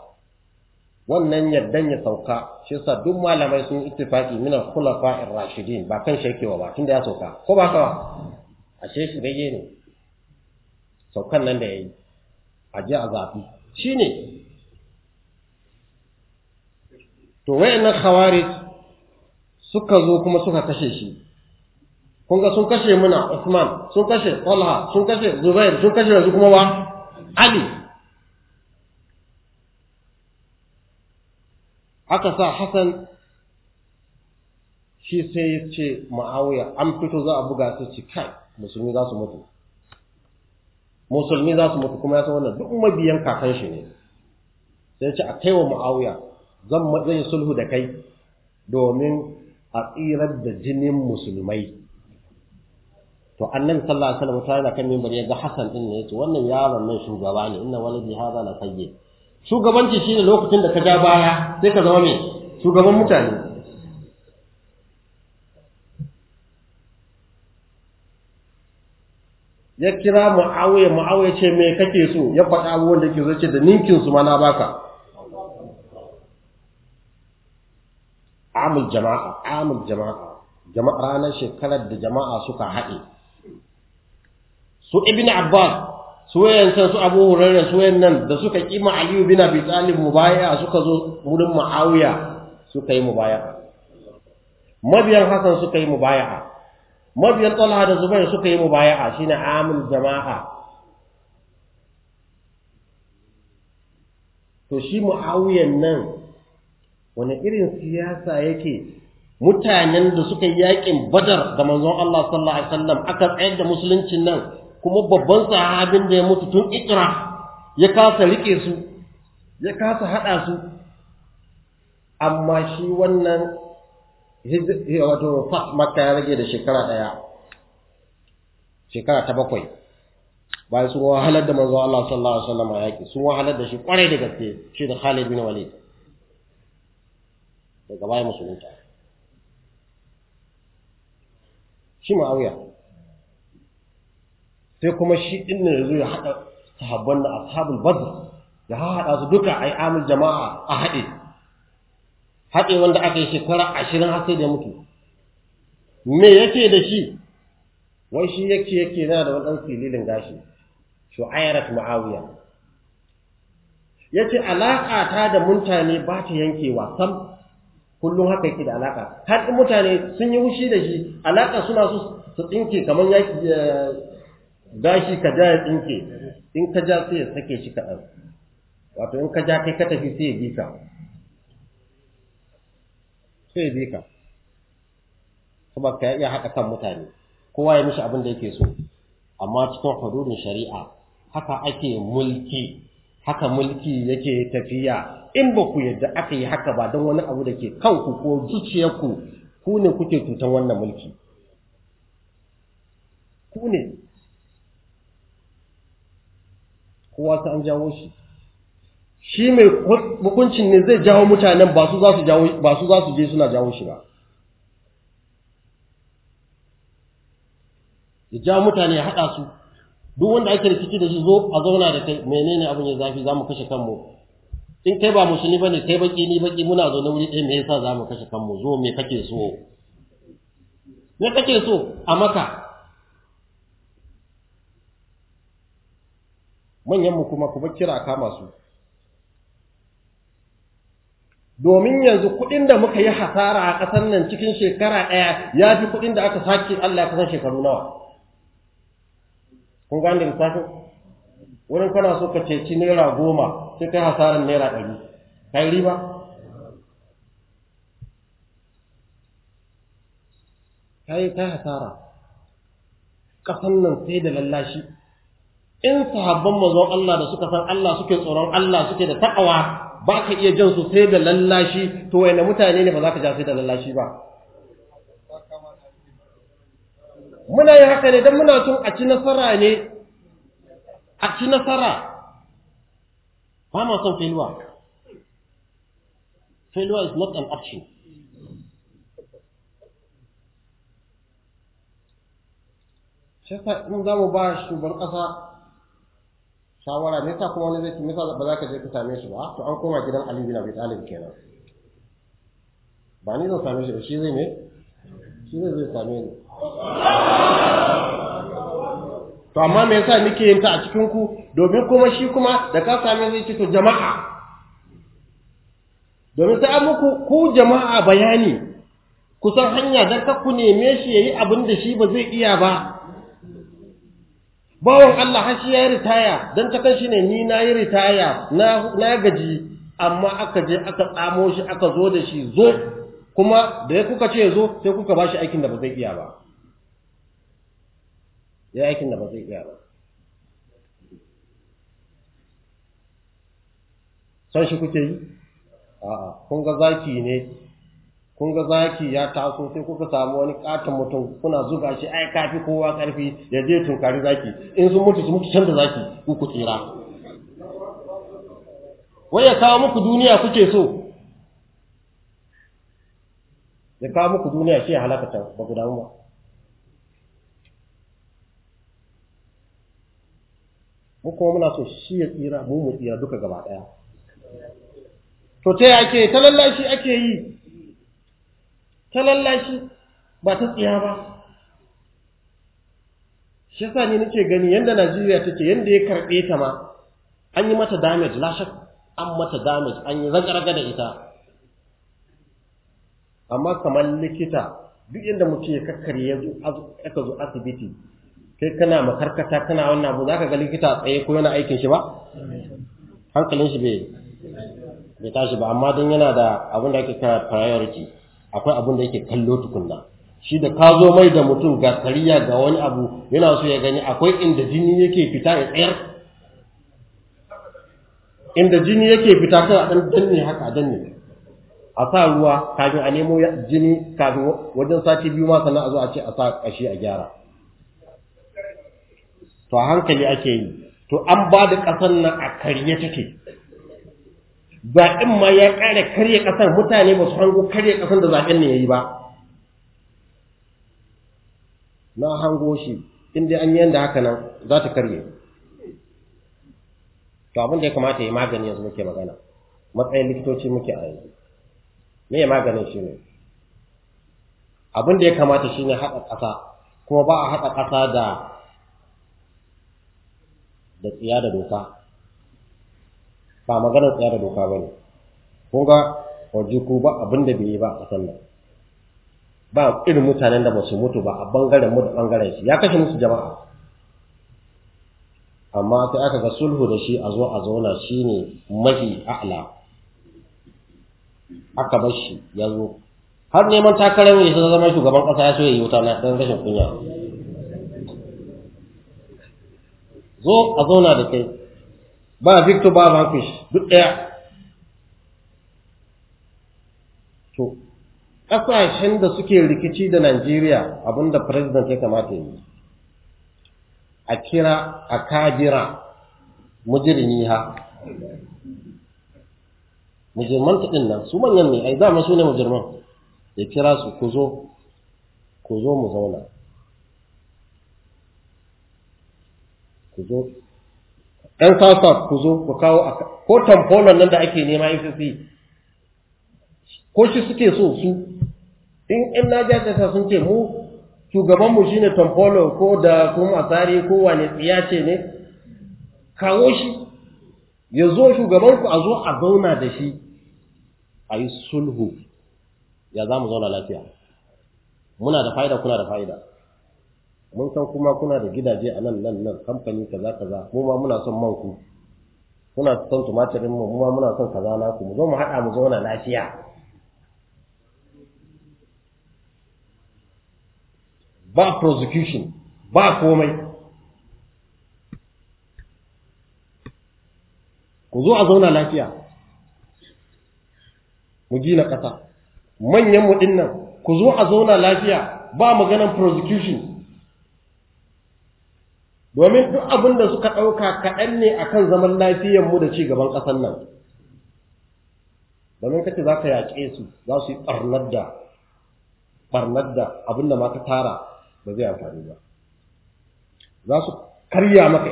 wannan yardan ya sauka shi yasa duk malamai sun ittifaqi min al-khulafa ar-rashidin ba kan wa ba tunda ya sauka ko ba ka ashe shi bai ne saukan nan da yayi a ji a zafi shine to wayannan khawarij suka zo kuma suka kashe shi kun ga sun kashe muna Usman sun kashe Talha sun kashe Zubair sun kashe yanzu kuma wa Ali aka sa Hassan shi sai ya ce Muawiya an fito za a buga su ci kai musulmi za su mutu musulmi za su mutu kuma ya san wannan duk mabiyan kakan shi ne sai ya ce a kaiwa Muawiya zan yi sulhu da kai domin a tsirar da jinin musulmai to annabi sallallahu alaihi wasallam tare da kan minbar ya ga Hassan din ne yace wannan yaron ne shugaba ne inna waladi hadha la sayyid shugabanci shine lokacin da ka ja baya sai ka zama me shugaban mutane ya kira Muawiya Muawiya ce me kake so ya faɗa abubuwan da ke so ce da ninkin su ma na baka amul jama'a amul jama'a jama'a ranar shekarar da jama'a suka haɗe su ibn abbas su wayan san su abu hurairah su wayan nan da suka kima aliyu ibn abi talib mubaya suka zo wurin muawiya suka yi mubaya mabiyan hasan suka yi mubaya mabiyan talha da zubair suka yi mubaya shine amul jama'a to shi muawiyan nan wani irin siyasa yake mutanen da suka yi yakin badar da manzon Allah sallallahu alaihi wasallam aka tsayar da musuluncin nan kuma babban sahabin da ya mutu tun ikra ya kasa rike su ya kasa hada su amma shi wannan eh, wato fat makka ya rage da shekara daya shekara ta bakwai bayan sun wahalar da manzo Allah sallallahu alaihi wasallam yaki sun wahalar da shi kwarai da gaske shi da Khalid bin Walid daga bayan musulunta shi ma'awiya sai kuma shi inna yanzu yazo ya hada sahabban da ashabul badr ya hada su duka ai amul jama'a a hade hade wanda aka yi shekara 20 har sai da mutu me yake da shi wai shi yake yake yana da wadan sililin gashi shu'airat muawiya yace alaka ta da mutane ba ta yankewa sam kullum haka yake da alaka har mutane sun yi wushi da shi alaka suna su su tsinke kamar yaki eh, gashi ka ja ya tsinke in ka ja sai ya sake shi kaɗan wato in ka ja kai ka tafi sai ya bi ka sai ya bi ka kuma ka iya haɗa kan mutane kowa ya mishi abin da yake so amma cikin hududin shari'a haka ake mulki haka mulki yake tafiya in ba ku yadda aka yi haka ba don wani abu da ke kanku ko zuciyarku ku ne kuke tutan wannan mulki ku ne kowa sai an jawo shi shi mai hukuncin ne zai jawo mutanen ba su za su je suna jawo shi ba ya jawo mutane ya haɗa su duk wanda ake rikici da shi zo a zauna da kai menene abin ya zafi za mu kashe kanmu in kai ba musulmi ne kai baki ni baki muna zo na wuri ɗaya mai yasa za mu kashe kanmu zo me kake so me kake so a maka manyanmu kuma ku bar kira kama su domin yanzu kuɗin da muka yi hasara a ƙasar nan cikin shekara ɗaya ya fi kuɗin da aka sake Allah ya kusan shekaru nawa kun gane lissafin wurin kana so ka ceci naira goma sai kai hasaran naira ɗari ka yi riba ka yi hasara ƙasar nan sai da lallashi in sahabban mazan Allah da suka san Allah suke tsoron Allah suke da ta'awa, ba ka iya jan su sai da lallashi to wai na mutane ne ba za ka ja sai da lallashi ba muna yi haka ne don muna tun a ci nasara ne a ci nasara ba ma son failure failure is not an option shaka in za mu ba shugaban ƙasa shawara me kuma wani zai ce ba za ka je ka same shi ba to an koma gidan Ali bin Abi Talib kenan ba ni zan same shi ba shi zai ne shi zai zai same ni to amma me yasa muke yin ta a cikin ku domin kuma shi kuma da ka same zai ce to jama'a domin sai an muku ku jama'a bayani kusan hanya don ku neme shi yayi abin da shi ba zai iya ba bawan Allah har shi ya yi ritaya don ta kai shi ne ni na yi ritaya na gaji amma aka je aka tsamo shi aka zo da shi zo kuma da ya kuka ce zo sai kuka ba shi aikin da ba zai iya ba ya aikin da ba zai iya ba san shi kuke yi a'a kun ga zaki ne kun ga zaki ya taso sai kuka samu wani katon mutum kuna zuga shi ai kafi kowa karfi ya je tunkari zaki in sun mutu su mutu canza zaki ku ku tsira wai ya kawo muku duniya kuke so ya kawo muku duniya shi ya halakata ba ku damu ba mu kuma muna so shi ya tsira mu mu tsira duka gaba daya to ta yake ta lallashi ake yi ta lallashi ba ta tsiya ba shi yasa ne nake gani yadda Najeriya take yadda ya karɓe ta ma an yi mata damage la shak an mata damage an yi zagaraga da ita amma kamar likita duk inda mutum ya kakkare ya zo aka zo asibiti kai kana makarkata kana wannan abu zaka ga likita tsaye ko yana aikin shi ba hankalin shi bai bai tashi ba amma don yana da abin da ake kira priority akwai abin da yake kallo tukunna shi da ka zo mai da mutum ga kariya ga wani abu yana so ya gani akwai inda jini yake fita ya tsayar inda jini yake fita kan a dan danne haka danne a sa ruwa kafin a nemo jini kafin wajen sati biyu ma sannan a zo a ce a sa kashi a gyara to hankali ake yi to an ba da ƙasar nan a karye take zaɓen ma ya ƙara karya ƙasar mutane ba su hango karya ƙasar da zaɓen ne ya yi ba na hango shi inda an yi yadda haka nan za ta karye to abin da ya kamata ya magani yanzu muke magana matsayin likitoci muke a yanzu me ya maganin shi ne abin da ya kamata shi ne haɗa ƙasa kuma ba a haɗa ƙasa da da tsiya da doka ba maganar tsaya da doka ba bane kun ga wajiku ba abin da bai yi ba a kasan nan ba irin mutanen da ba mutu ba a bangaren mu da bangaren shi ya kashe musu jama'a amma sai aka ga sulhu da shi a zo a zauna shine mafi a'la aka bar shi ya zo har neman takarar mai ta zama shugaban ƙasa ya so ya yi wuta na dan rashin kunya zo a zauna da kai ba victor ba vanquish duk ɗaya to ƙasashen da suke rikici da najeriya abinda president ya kamata yi a kira a kajira mujirmi ha mujirman taɗin nan su manyan ne ai dama su ne mujirman ya kira su ku zo ku zo mu zauna ku zo yan kasa ku zo ku kawo a ko tamfolon nan da ake nema FCC ko shi suke so su in in na jajata sun ce mu shugabanmu shine tamfolo ko da kuma asari ko wane tsiya ce ne kawo shi ya zo shugabanku a zo a zauna da shi a yi sulhu ya za mu zauna lafiya muna da fa'ida kuna da fa'ida mun san kuma kuna da gidaje a nan nan nan kamfani kaza kaza mu ma muna son man ku kuna son tumatirin mu mu ma muna son kaza na ku mu zo mu haɗa mu zauna lafiya ba prosecution ba komai ku zo a zauna lafiya mu gina ƙasa manyan mu dinnan ku zo a zauna lafiya ba maganan prosecution domin duk abin da suka ɗauka kaɗan ne a kan zaman lafiyanmu da ci gaban ƙasan nan domin kake za ka yaƙe su za su yi ɓarnar da ɓarnar da abin da ma ka tara ba zai amfani ba za su karya maka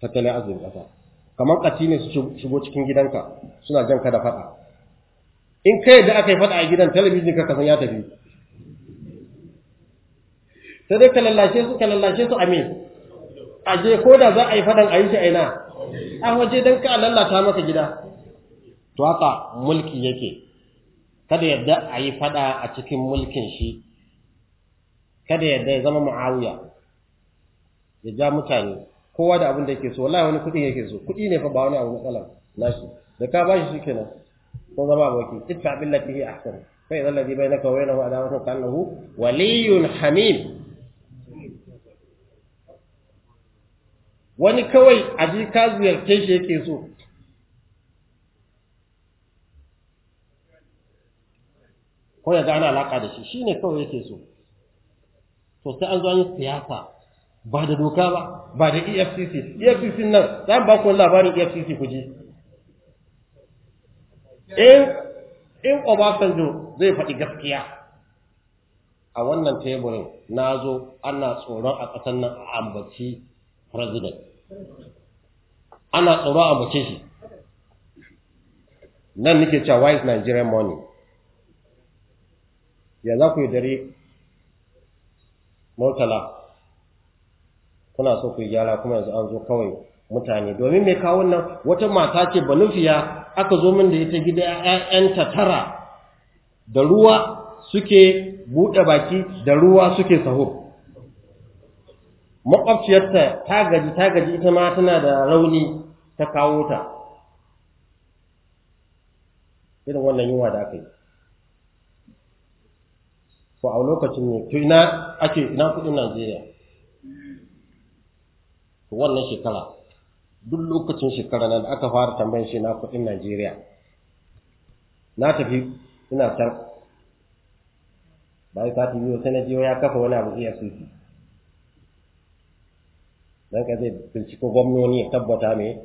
tattalin arzikin ƙasa kamar ƙaci ne su shigo cikin gidanka suna jan ka da faɗa in ka yadda aka yi faɗa a gidan talabijin ka ya tafi sai dai ka su ka su a a je ko da za a yi fadan a yi shi aina a waje dan ka lallata maka gida to haka mulki yake kada yadda a yi fada a cikin mulkin shi kada yadda ya zama muawiya ya ja mutane kowa da abin da yake so wallahi wani kuɗi yake so kuɗi ne fa ba wani abu matsala nashi da ka bashi shikenan ko zama aboki ittabi allati hi ahsan fa idan ladhi bainaka wa bainahu adawatun kallahu waliyyun hamim wani kawai a ji ka ziyarce shi yake so ko ya gane alaka da shi shine kawai yake so to sai an zo an siyasa ba da doka ba ba da EFCC EFCC nan za ba ku labarin EFCC ku ji in in Obasanjo zai faɗi gaskiya a wannan teburin na zo ana tsoron a ƙasar nan a ambaci president ana tsoro a mace shi nan nake cewa why is Nigerian money ya za ku yi dare murtala kuna so ku yi gyara kuma yanzu an zo kawai mutane domin mai kawo nan wata mata ce banufiya aka zo min da ita gida 'ya'yanta tara da ruwa suke buɗe baki da ruwa suke sahur makwabciyarta ta gaji ta gaji ita ma tana da rauni ta kawo ta irin wannan yunwa da aka yi ko a lokacin ne to ina ake ina kudin Najeriya to wannan shekara duk lokacin shekara nan da aka fara tambayin shi na kudin Najeriya na tafi ina can bai ta biyo sai na biyo ya kafa wani abu iya sufi dan ka zai binciko gwamnoni ya tabbata me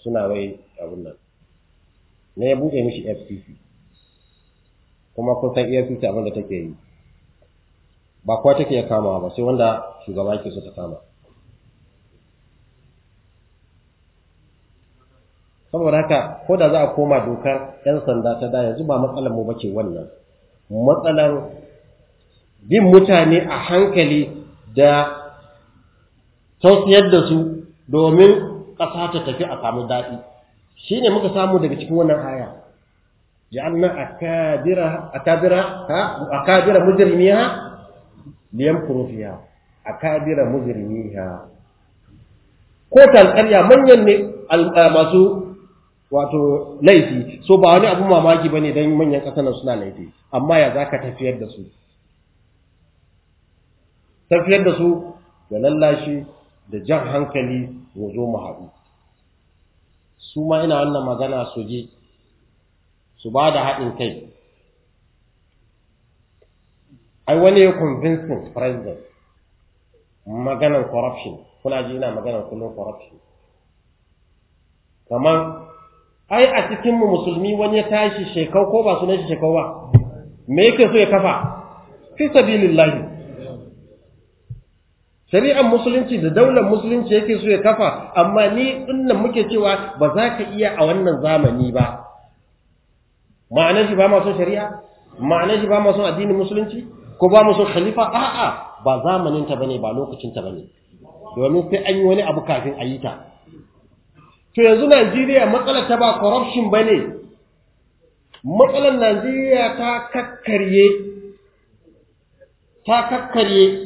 suna wai abun nan ne ya buɗe mishi FCC kuma kun san EFCC abin da take yi ba kuwa take ya kama ba sai wanda shugaba ke so ta kama saboda haka ko da za a koma dokar 'yan sanda ta da yanzu ba matsalar mu bace wannan matsalar bin mutane a hankali da tausayar da su domin ƙasa ta tafi a samu daɗi shi ne muka samu daga cikin wannan aya ja'alna a akabira ha liyan mujrimiha a fiha akabira mujrimiha ko talƙarya manyan ne masu wato laifi so ba wani abu mamaki ba ne don manyan ƙasar suna laifi amma ya zaka tafiyar da su tafiyar da su da lallashi da jan hankali mu zo mu haɗu su ma ina wannan magana su ji su ba da haɗin kai ai wani ya convincing president maganar corruption kuna ji ina maganar kullum corruption kamar ai a cikinmu musulmi wani ya tashi shekau ko ba sunan shi shekau ba me yake so ya kafa fi sabilillahi shari'ar musulunci da daular musulunci yake so ya kafa amma ni dinnan muke cewa ba za ka iya a wannan zamani ba ma'anar shi ba ma son shari'a ma'anar shi ba ma son addinin musulunci ko ba mu son khalifa a'a ba zamanin ta bane ba lokacin ta bane domin sai an yi wani abu kafin a yi ta to yanzu Najeriya matsalar ta ba corruption bane matsalar Najeriya ta kakkarye ta kakkarye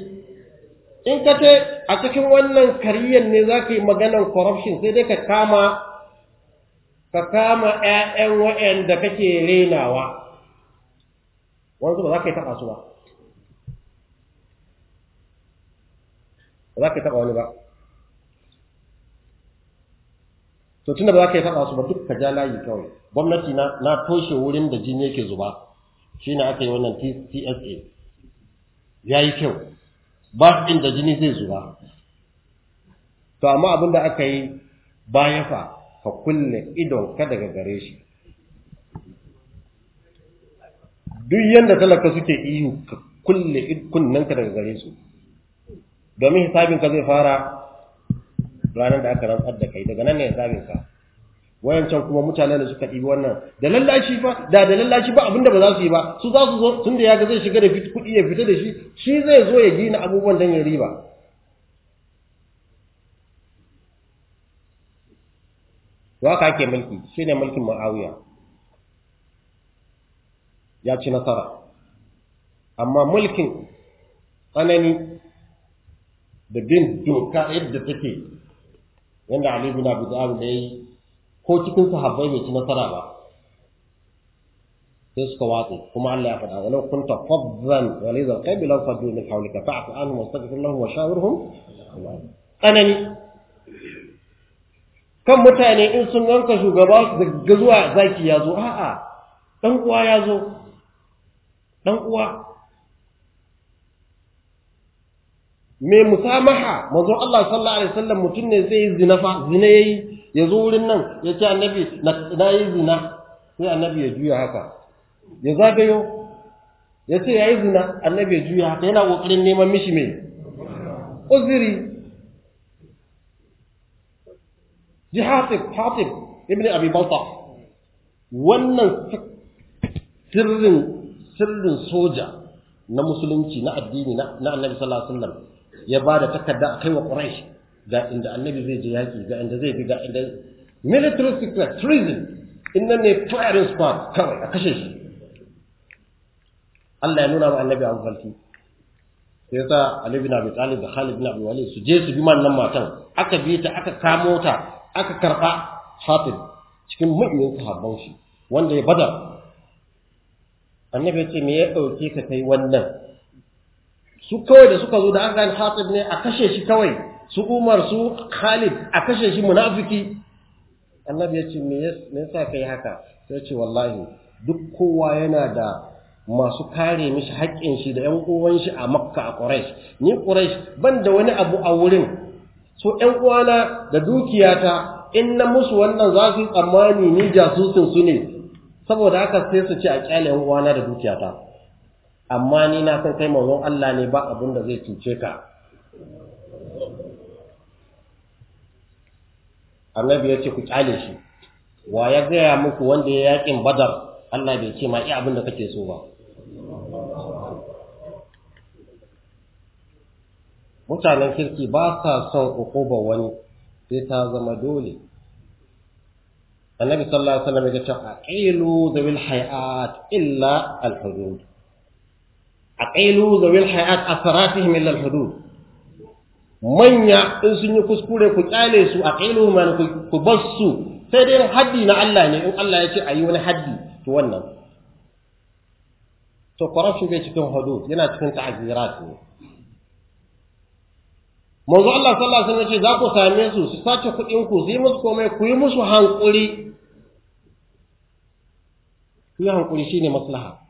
in ka ce a cikin wannan kariyar ne za ka yi maganar corruption sai dai ka kama ka kama ‘ya'yan wa'yanda kake renawa wanzu ba za ka yi taɓa su ba ba za ka yi taɓa wani ba to tunda ba za ka yi taɓa su ba duk ka ja layi kawai gwamnati na toshe wurin da jini yake zuba shi aka yi wannan tsa ya yi kyau ba inda da jini zai zuba to amma abin da aka yi baya fa ka kulle idonka ka daga gare shi duk yadda talaka suke iyu ka kulle kunnanka daga gare su domin hisabinka zai fara ranar da aka rantsar da kai daga nan ne hisabinka wayancan kuma mutanen da suka ɗibi wannan da lallashi fa da da lallashi ba abinda ba za su yi ba su za su zo tun da ya ga zai shiga da kuɗi ya fita da shi shi zai zo ya gina abubuwan don ya riba waka ke mulki shi ne mulkin ma'awiya ya ci nasara amma mulkin tsanani da bin doka yadda take yadda Ali bin Abi ya yi ko cikin sahabbai bai ci nasara ba sai suka watsa kuma Allah ya faɗa wa law kunta faddan walizal al-qalbi law min hawlika fa'fu anhum wastaghfir lahum wa shawirhum tsanani kan mutane in sun ganka shugaba daga zuwa zaki ya zo a'a dan uwa ya zo dan uwa me musamaha manzon Allah sallallahu alaihi wasallam mutum ne zai zina fa zina yayi ya zo wurin nan ya ce annabi na yi zina sai annabi ya juya haka ya zagayo ya ce ya yi zina annabi ya juya haka yana ƙoƙarin neman mishi mai uziri ji hatib hatib ibn abi balta wannan sirrin sirrin soja na musulunci na addini na annabi sallallahu alaihi wasallam ya ba da takarda a kai wa quraish ga inda annabi zai je yaƙi ga inda zai bi ga inda military sickness treason in nan ne firing squad kawai a kashe shi Allah ya nuna wa annabi abu falki sai sa Ali bin Abi Talib da Khalid bin Abi Walid su je su bi man nan matan aka bi ta aka kamo ta aka karba Hatib cikin mu'min sahabban shi wanda ya bada annabi ya ce me ya dauke ka kai wannan su kawai da suka zo da an gani Hatib ne a kashe shi kawai su umar su khalid a kashe shi munafiki annabi ya ce me yasa kai haka sai ce wallahi duk kowa yana da masu kare mishi haƙƙin shi da ƴan uwan shi a makka a quraish ni quraish ban da wani abu a wurin so ƴan uwana da dukiyata in na musu wannan za su tsammani ni jasusin su ne saboda haka sai su ce a kyale ƴan uwana da dukiyata amma ni na san kai manzon Allah ne ba abin da zai cuce ka annabi ya ce ku kyale shi wa ya gaya muku wanda ya yaƙin badar Allah bai ce ma iya abin da kake so ba mutanen kirki ba sa son ukuba wani sai ta zama dole annabi sallallahu alaihi wasallam ya ce aqilu zawil hayat illa al hudud aqilu zawil hayat asaratihim illa al hudud manya in sun yi kuskure ku kyale su a ƙilu mana ku bar su sai dai haddi na Allah ne in Allah ya ce a yi wani haddi to wannan to corruption bai cikin hudud yana cikin ta'azirat ne manzo Allah sallallahu alaihi wasallam ce za ku same su su sace kuɗin ku su yi musu komai ku yi musu hankuri ku yi hankuri shine maslaha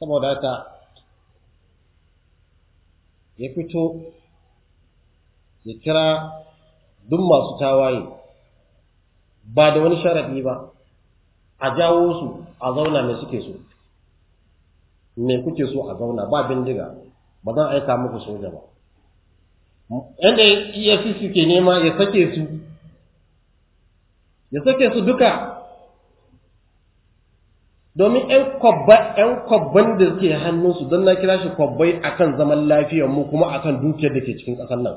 saboda haka ya fito ya kira duk masu tawaye ba da wani sharaɗi ba a jawo su a zauna mai suke so me kuke so a zauna ba bindiga ba zan aika muku soja ba yadda efcc ke nema ya sake su ya sake su duka domin ‘yan kwabban da suke hannunsu don na kira shi kwabbai akan zaman lafiyar mu kuma akan dukiyar da ke cikin ƙasar nan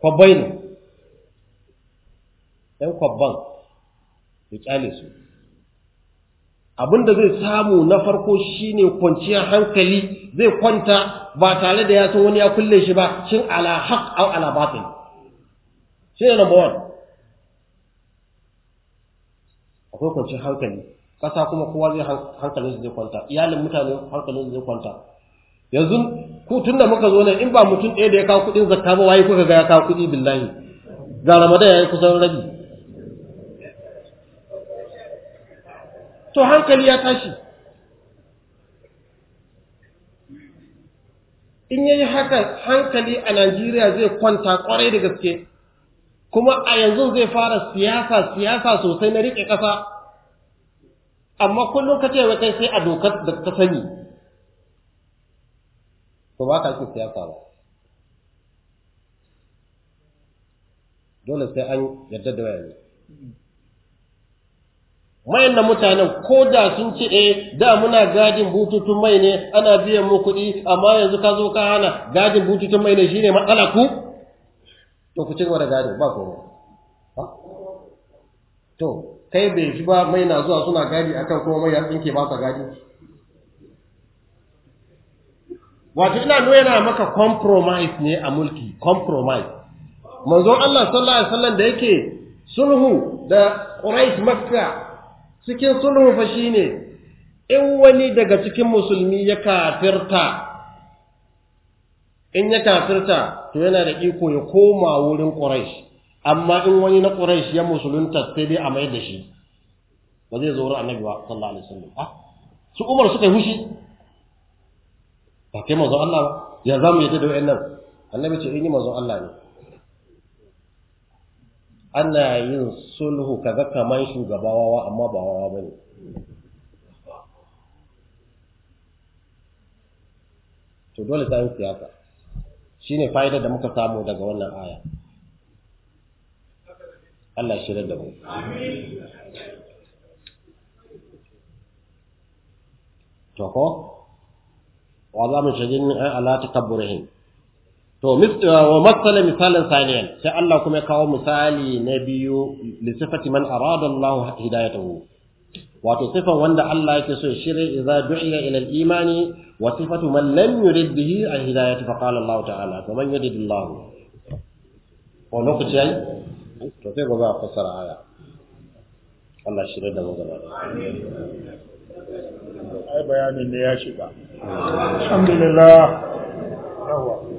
kwabbai ne ‘yan kwabban da kyale su abinda zai samu na farko shine kwanciyar hankali zai kwanta ba tare da ya san wani ya kulle shi ba shin ala haq au ala shi ne number one akwai kwanciyar hankali ƙasa kuma kowa zai hankalin zai kwanta iyalin mutane hankalin zai kwanta yanzu ku tunda muka zo ne in ba mutum ɗaya da ya kawo kuɗin zakka ba waye kuka ga ya kawo kuɗi billahi ga ramadan ya yi kusan rabi to hankali ya tashi in yayi haka hankali a Najeriya zai kwanta kwarai da gaske kuma a yanzu zai fara siyasa siyasa sosai na riƙe ƙasa amma kullum ka ce wata sai a dokar da ta sani to ba ka cikin siyasa ba dole sai an yarda da wayannan mayan da mutanen ko da sun ce eh da muna gadin bututun mai ne ana biyan mu kuɗi amma yanzu ka zo ka hana gadin bututun mai ne shine matsala ku to ku ci gaba da ba komai to kai bai fi ba mai na zuwa suna gadi akan kuma mai ya ke ba ta gadi wato ina nuna yana maka compromise ne a mulki compromise manzon Allah sallallahu alaihi wasallam da yake sulhu da Quraysh Makka cikin sulhu fa shine in wani daga cikin musulmi ya kafirta in ya kafirta to yana da iko ya koma wurin Quraysh amma in wani na quraish ya musulunta sai dai a mai da shi ba zai zo annabi ba sallallahu alaihi wasallam ah su umar suka yi hushi ba kai mazo Allah ba ya zamu yadda da wayannan annabi ce in yi manzon Allah ne ana yin sulhu kaga kaman shugaba wawa amma ba wawa bane to dole yi siyasa shine fa'idar da muka samu daga wannan aya Allah shirar da mu to ko wa za mu shigin ala takabburihim to wa matsala misalan saniyan sai Allah kuma ya kawo misali na biyu li sifati man arada Allah wato sifan wanda Allah yake so shirye idza du'iya ila al-imani wa sifatu man lam yurid bihi al-hidayah fa qala Allah ta'ala faman yurid Allah lokaci ai to sai za a fasara aya Allah shi da mu gaba ai bayanin ne ya shiga alhamdulillah yawa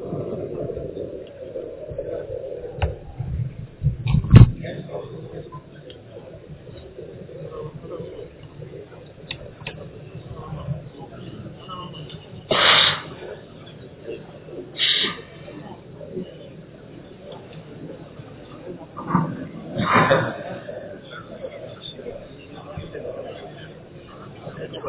Thank you.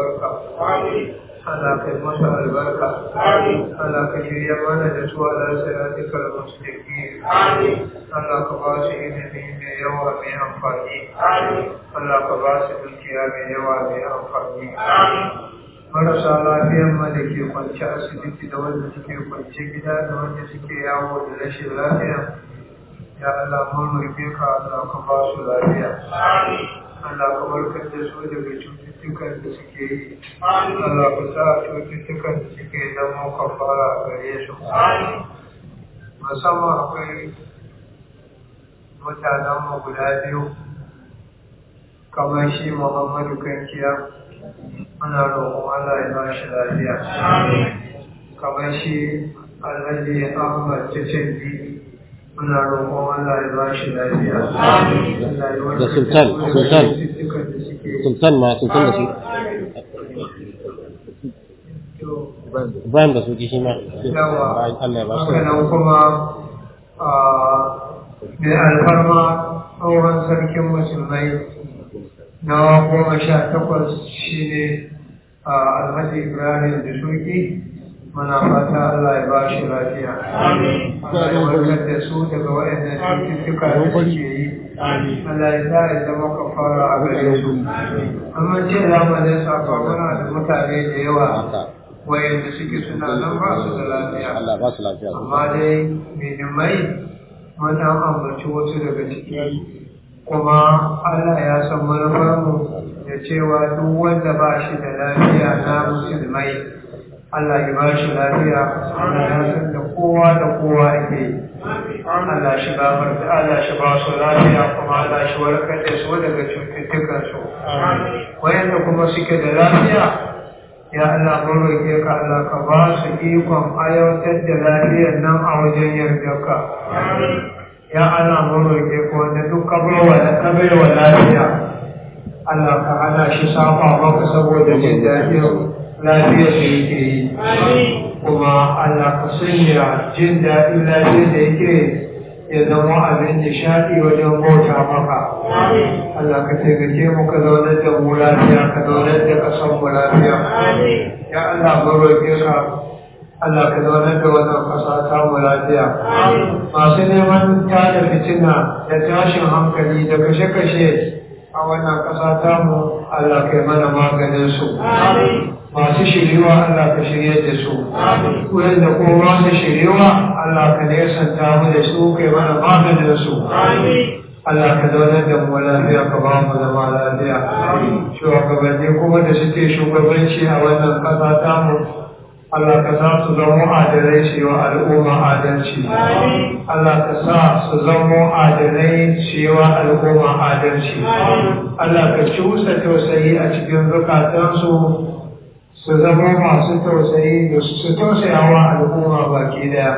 albarka Allah kai masa albarka Allah ka shirya mana da su ala siratikal mustaqim Allah ka ba su ilimi mai yawa mai amfani Allah ka ba su dukiya mai yawa mai amfani marasa lafiyan ma da ke kwanci asibiti da wanda suke kwanci gida da wanda suke yawo da rashin lafiya ya Allah mun roƙe ka Allah ka ba su lafiya Allah ka warkar daga cututtukan da suke yi Allah ka sa cututtukan suke akwai mutanenmu guda biyu kamar shi Muhammadu Kankiya ana roƙon Allah ya ba shi lafiya kamar shi Alhaji Ahmad Ticindi muna roƙon Allah ya ba shi lafiya da sultan sultan sultan ma sultan da su Ibrahim da su ma Allah ya ba shi kuma mai alfarma tsohon sarkin musulmai na goma sha takwas shi ne alhaji Ibrahim da suki muna fata Allah ya ba shi lafiya Allah ya da su daga waɗannan cututtuka da suke yi Allah ya sa ya zama fara a gare su amma ce zamanin sakamuna da mutane da yawa wayanda suke suna nan ba su da lafiya amma dai minimai muna mutu wasu daga ciki kuma Allah ya san manufarmu da cewa duk wanda ba shi da lafiya na musulmai Allah ya ba shi lafiya a ya san da kowa da kowa ake Allah shi ba farta Allah shi ba su lafiya kuma Allah shi warkar da su daga cututtukan su wayanda kuma suke da lafiya ya Allah mun roƙe ka Allah ka ba su ikon aiwatar da lafiyar nan a wajen yardarka ya Allah mun ke ka wanda duk kabarwa da kabarwa lafiya Allah ka hana shi safa maka saboda jin daɗin yake yi kuma Allah ka sanya jin daɗin lafiyar da yake ya zama abin nishaɗi wajen bauta maka Allah ka taimake mu ka zaunar da mu lafiya ka zaunar da ƙasar mu lafiya ya Allah ka roƙe ka Allah ka da masu neman tada fitina da tashin hankali da kashe-kashe a wannan ƙasa tamu Allah kai mana maganin su masu shiriwa Allah ka shirya da su wurin da kowa su shiriwa Allah ka nesanta mu da su kai mana maganin su Allah ka zaunar da mu lafiya ka ba mu zama lafiya shugabanni kuma da suke shugabanci a wannan ƙasa tamu Allah ka sa su zama adalai shi wa al'umma adalci. Allah ka sa su zama adalai shi wa al'umma adalci. Allah ka cusa tausayi a cikin zukatansu su zama masu tausayi da su tausaya wa al'umma baki daya.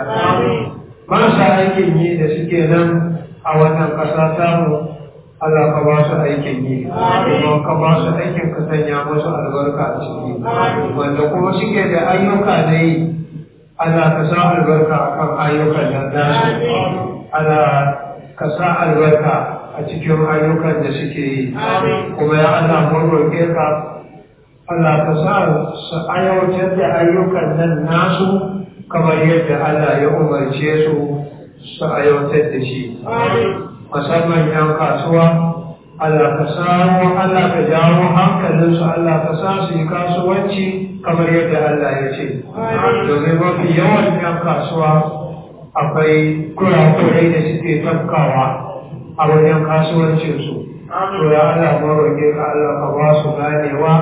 Marasa aikin yi da suke nan a wannan ƙasa tamu Allah ka ba su aikin yi kuma ka ba su aikin ka sanya musu albarka a ciki wanda kuma suke da ayyuka na yi Allah ka sa albarka a kan ayyukan nan nasu Allah ka sa albarka a cikin ayyukan da suke yi kuma ya Allah mun roƙe ka Allah ka sa su ayyukan da ayyukan nan nasu kamar yadda Allah ya umarce su su ayyukan da shi. musamman yan kasuwa Allah ka samu Allah ka jawo hankalinsu Allah ka sa su yi kasuwanci kamar yadda Allah ya ce domin mafi yawan yan kasuwa akwai kurakurai da suke tafkawa a wajen kasuwancinsu to ya Allah maroƙe ka Allah ka ba su ganewa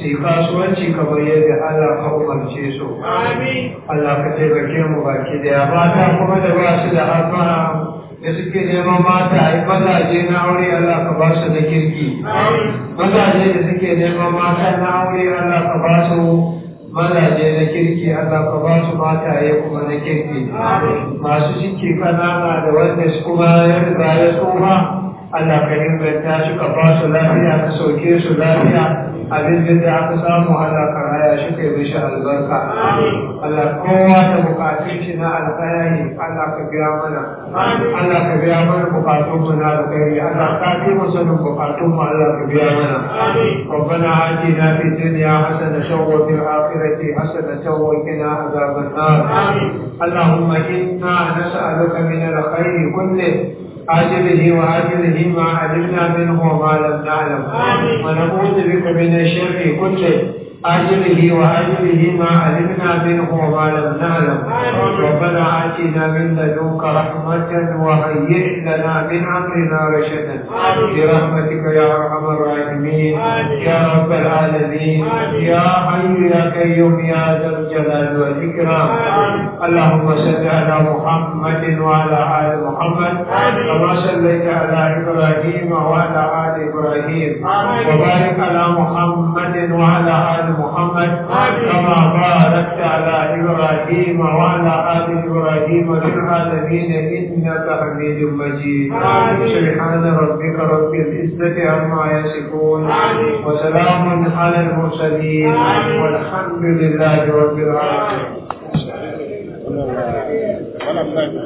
su yi kasuwanci kamar yadda Allah ka umarce su Allah ka taimake mu baki da mata kuma da ba da alfahar da suke neman mata ai mazaje na aure Allah ka ba su da kirki mazaje da suke neman mata na aure Allah ka ba su mazaje na kirki Allah ka ba su mata ya kuma na kirki masu ciki kanana da wanda su kuma ya riga ya tsoma Allah ka inganta su ka ba su lafiya ka sauke su lafiya abin da aka samu Allah raya shi kai mishi albarka Allah kowa da bukatun shi na alkhairi Allah ka biya mana Allah ka biya mana bukatun na alkhairi Allah ka bi mu sanin bukatun mu Allah ka biya mana ربنا آتنا في الدنيا حسنة وفي الآخرة na وقنا عذاب النار اللهم إنا نسألك من الخير كله عاجله وعاجله ما علمنا منه وما لم نعلم ونعوذ بك من الشر كله أجله وأجله ما علمنا منه وما لم نعلم ربنا آتنا من لدنك رحمة وهيئ لنا من أمرنا رشدا برحمتك يا أرحم الراحمين يا رب العالمين يا حي يا قيوم يا ذا الجلال والإكرام اللهم صل على محمد وعلى آل محمد كما صليت على إبراهيم وعلى آل إبراهيم وبارك على محمد وعلى آل محمد كما باركت على إبراهيم وعلى آل إبراهيم للعالمين إنك حميد مجيد سبحان ربك رب العزة عما يصفون وسلام على المرسلين والحمد لله رب العالمين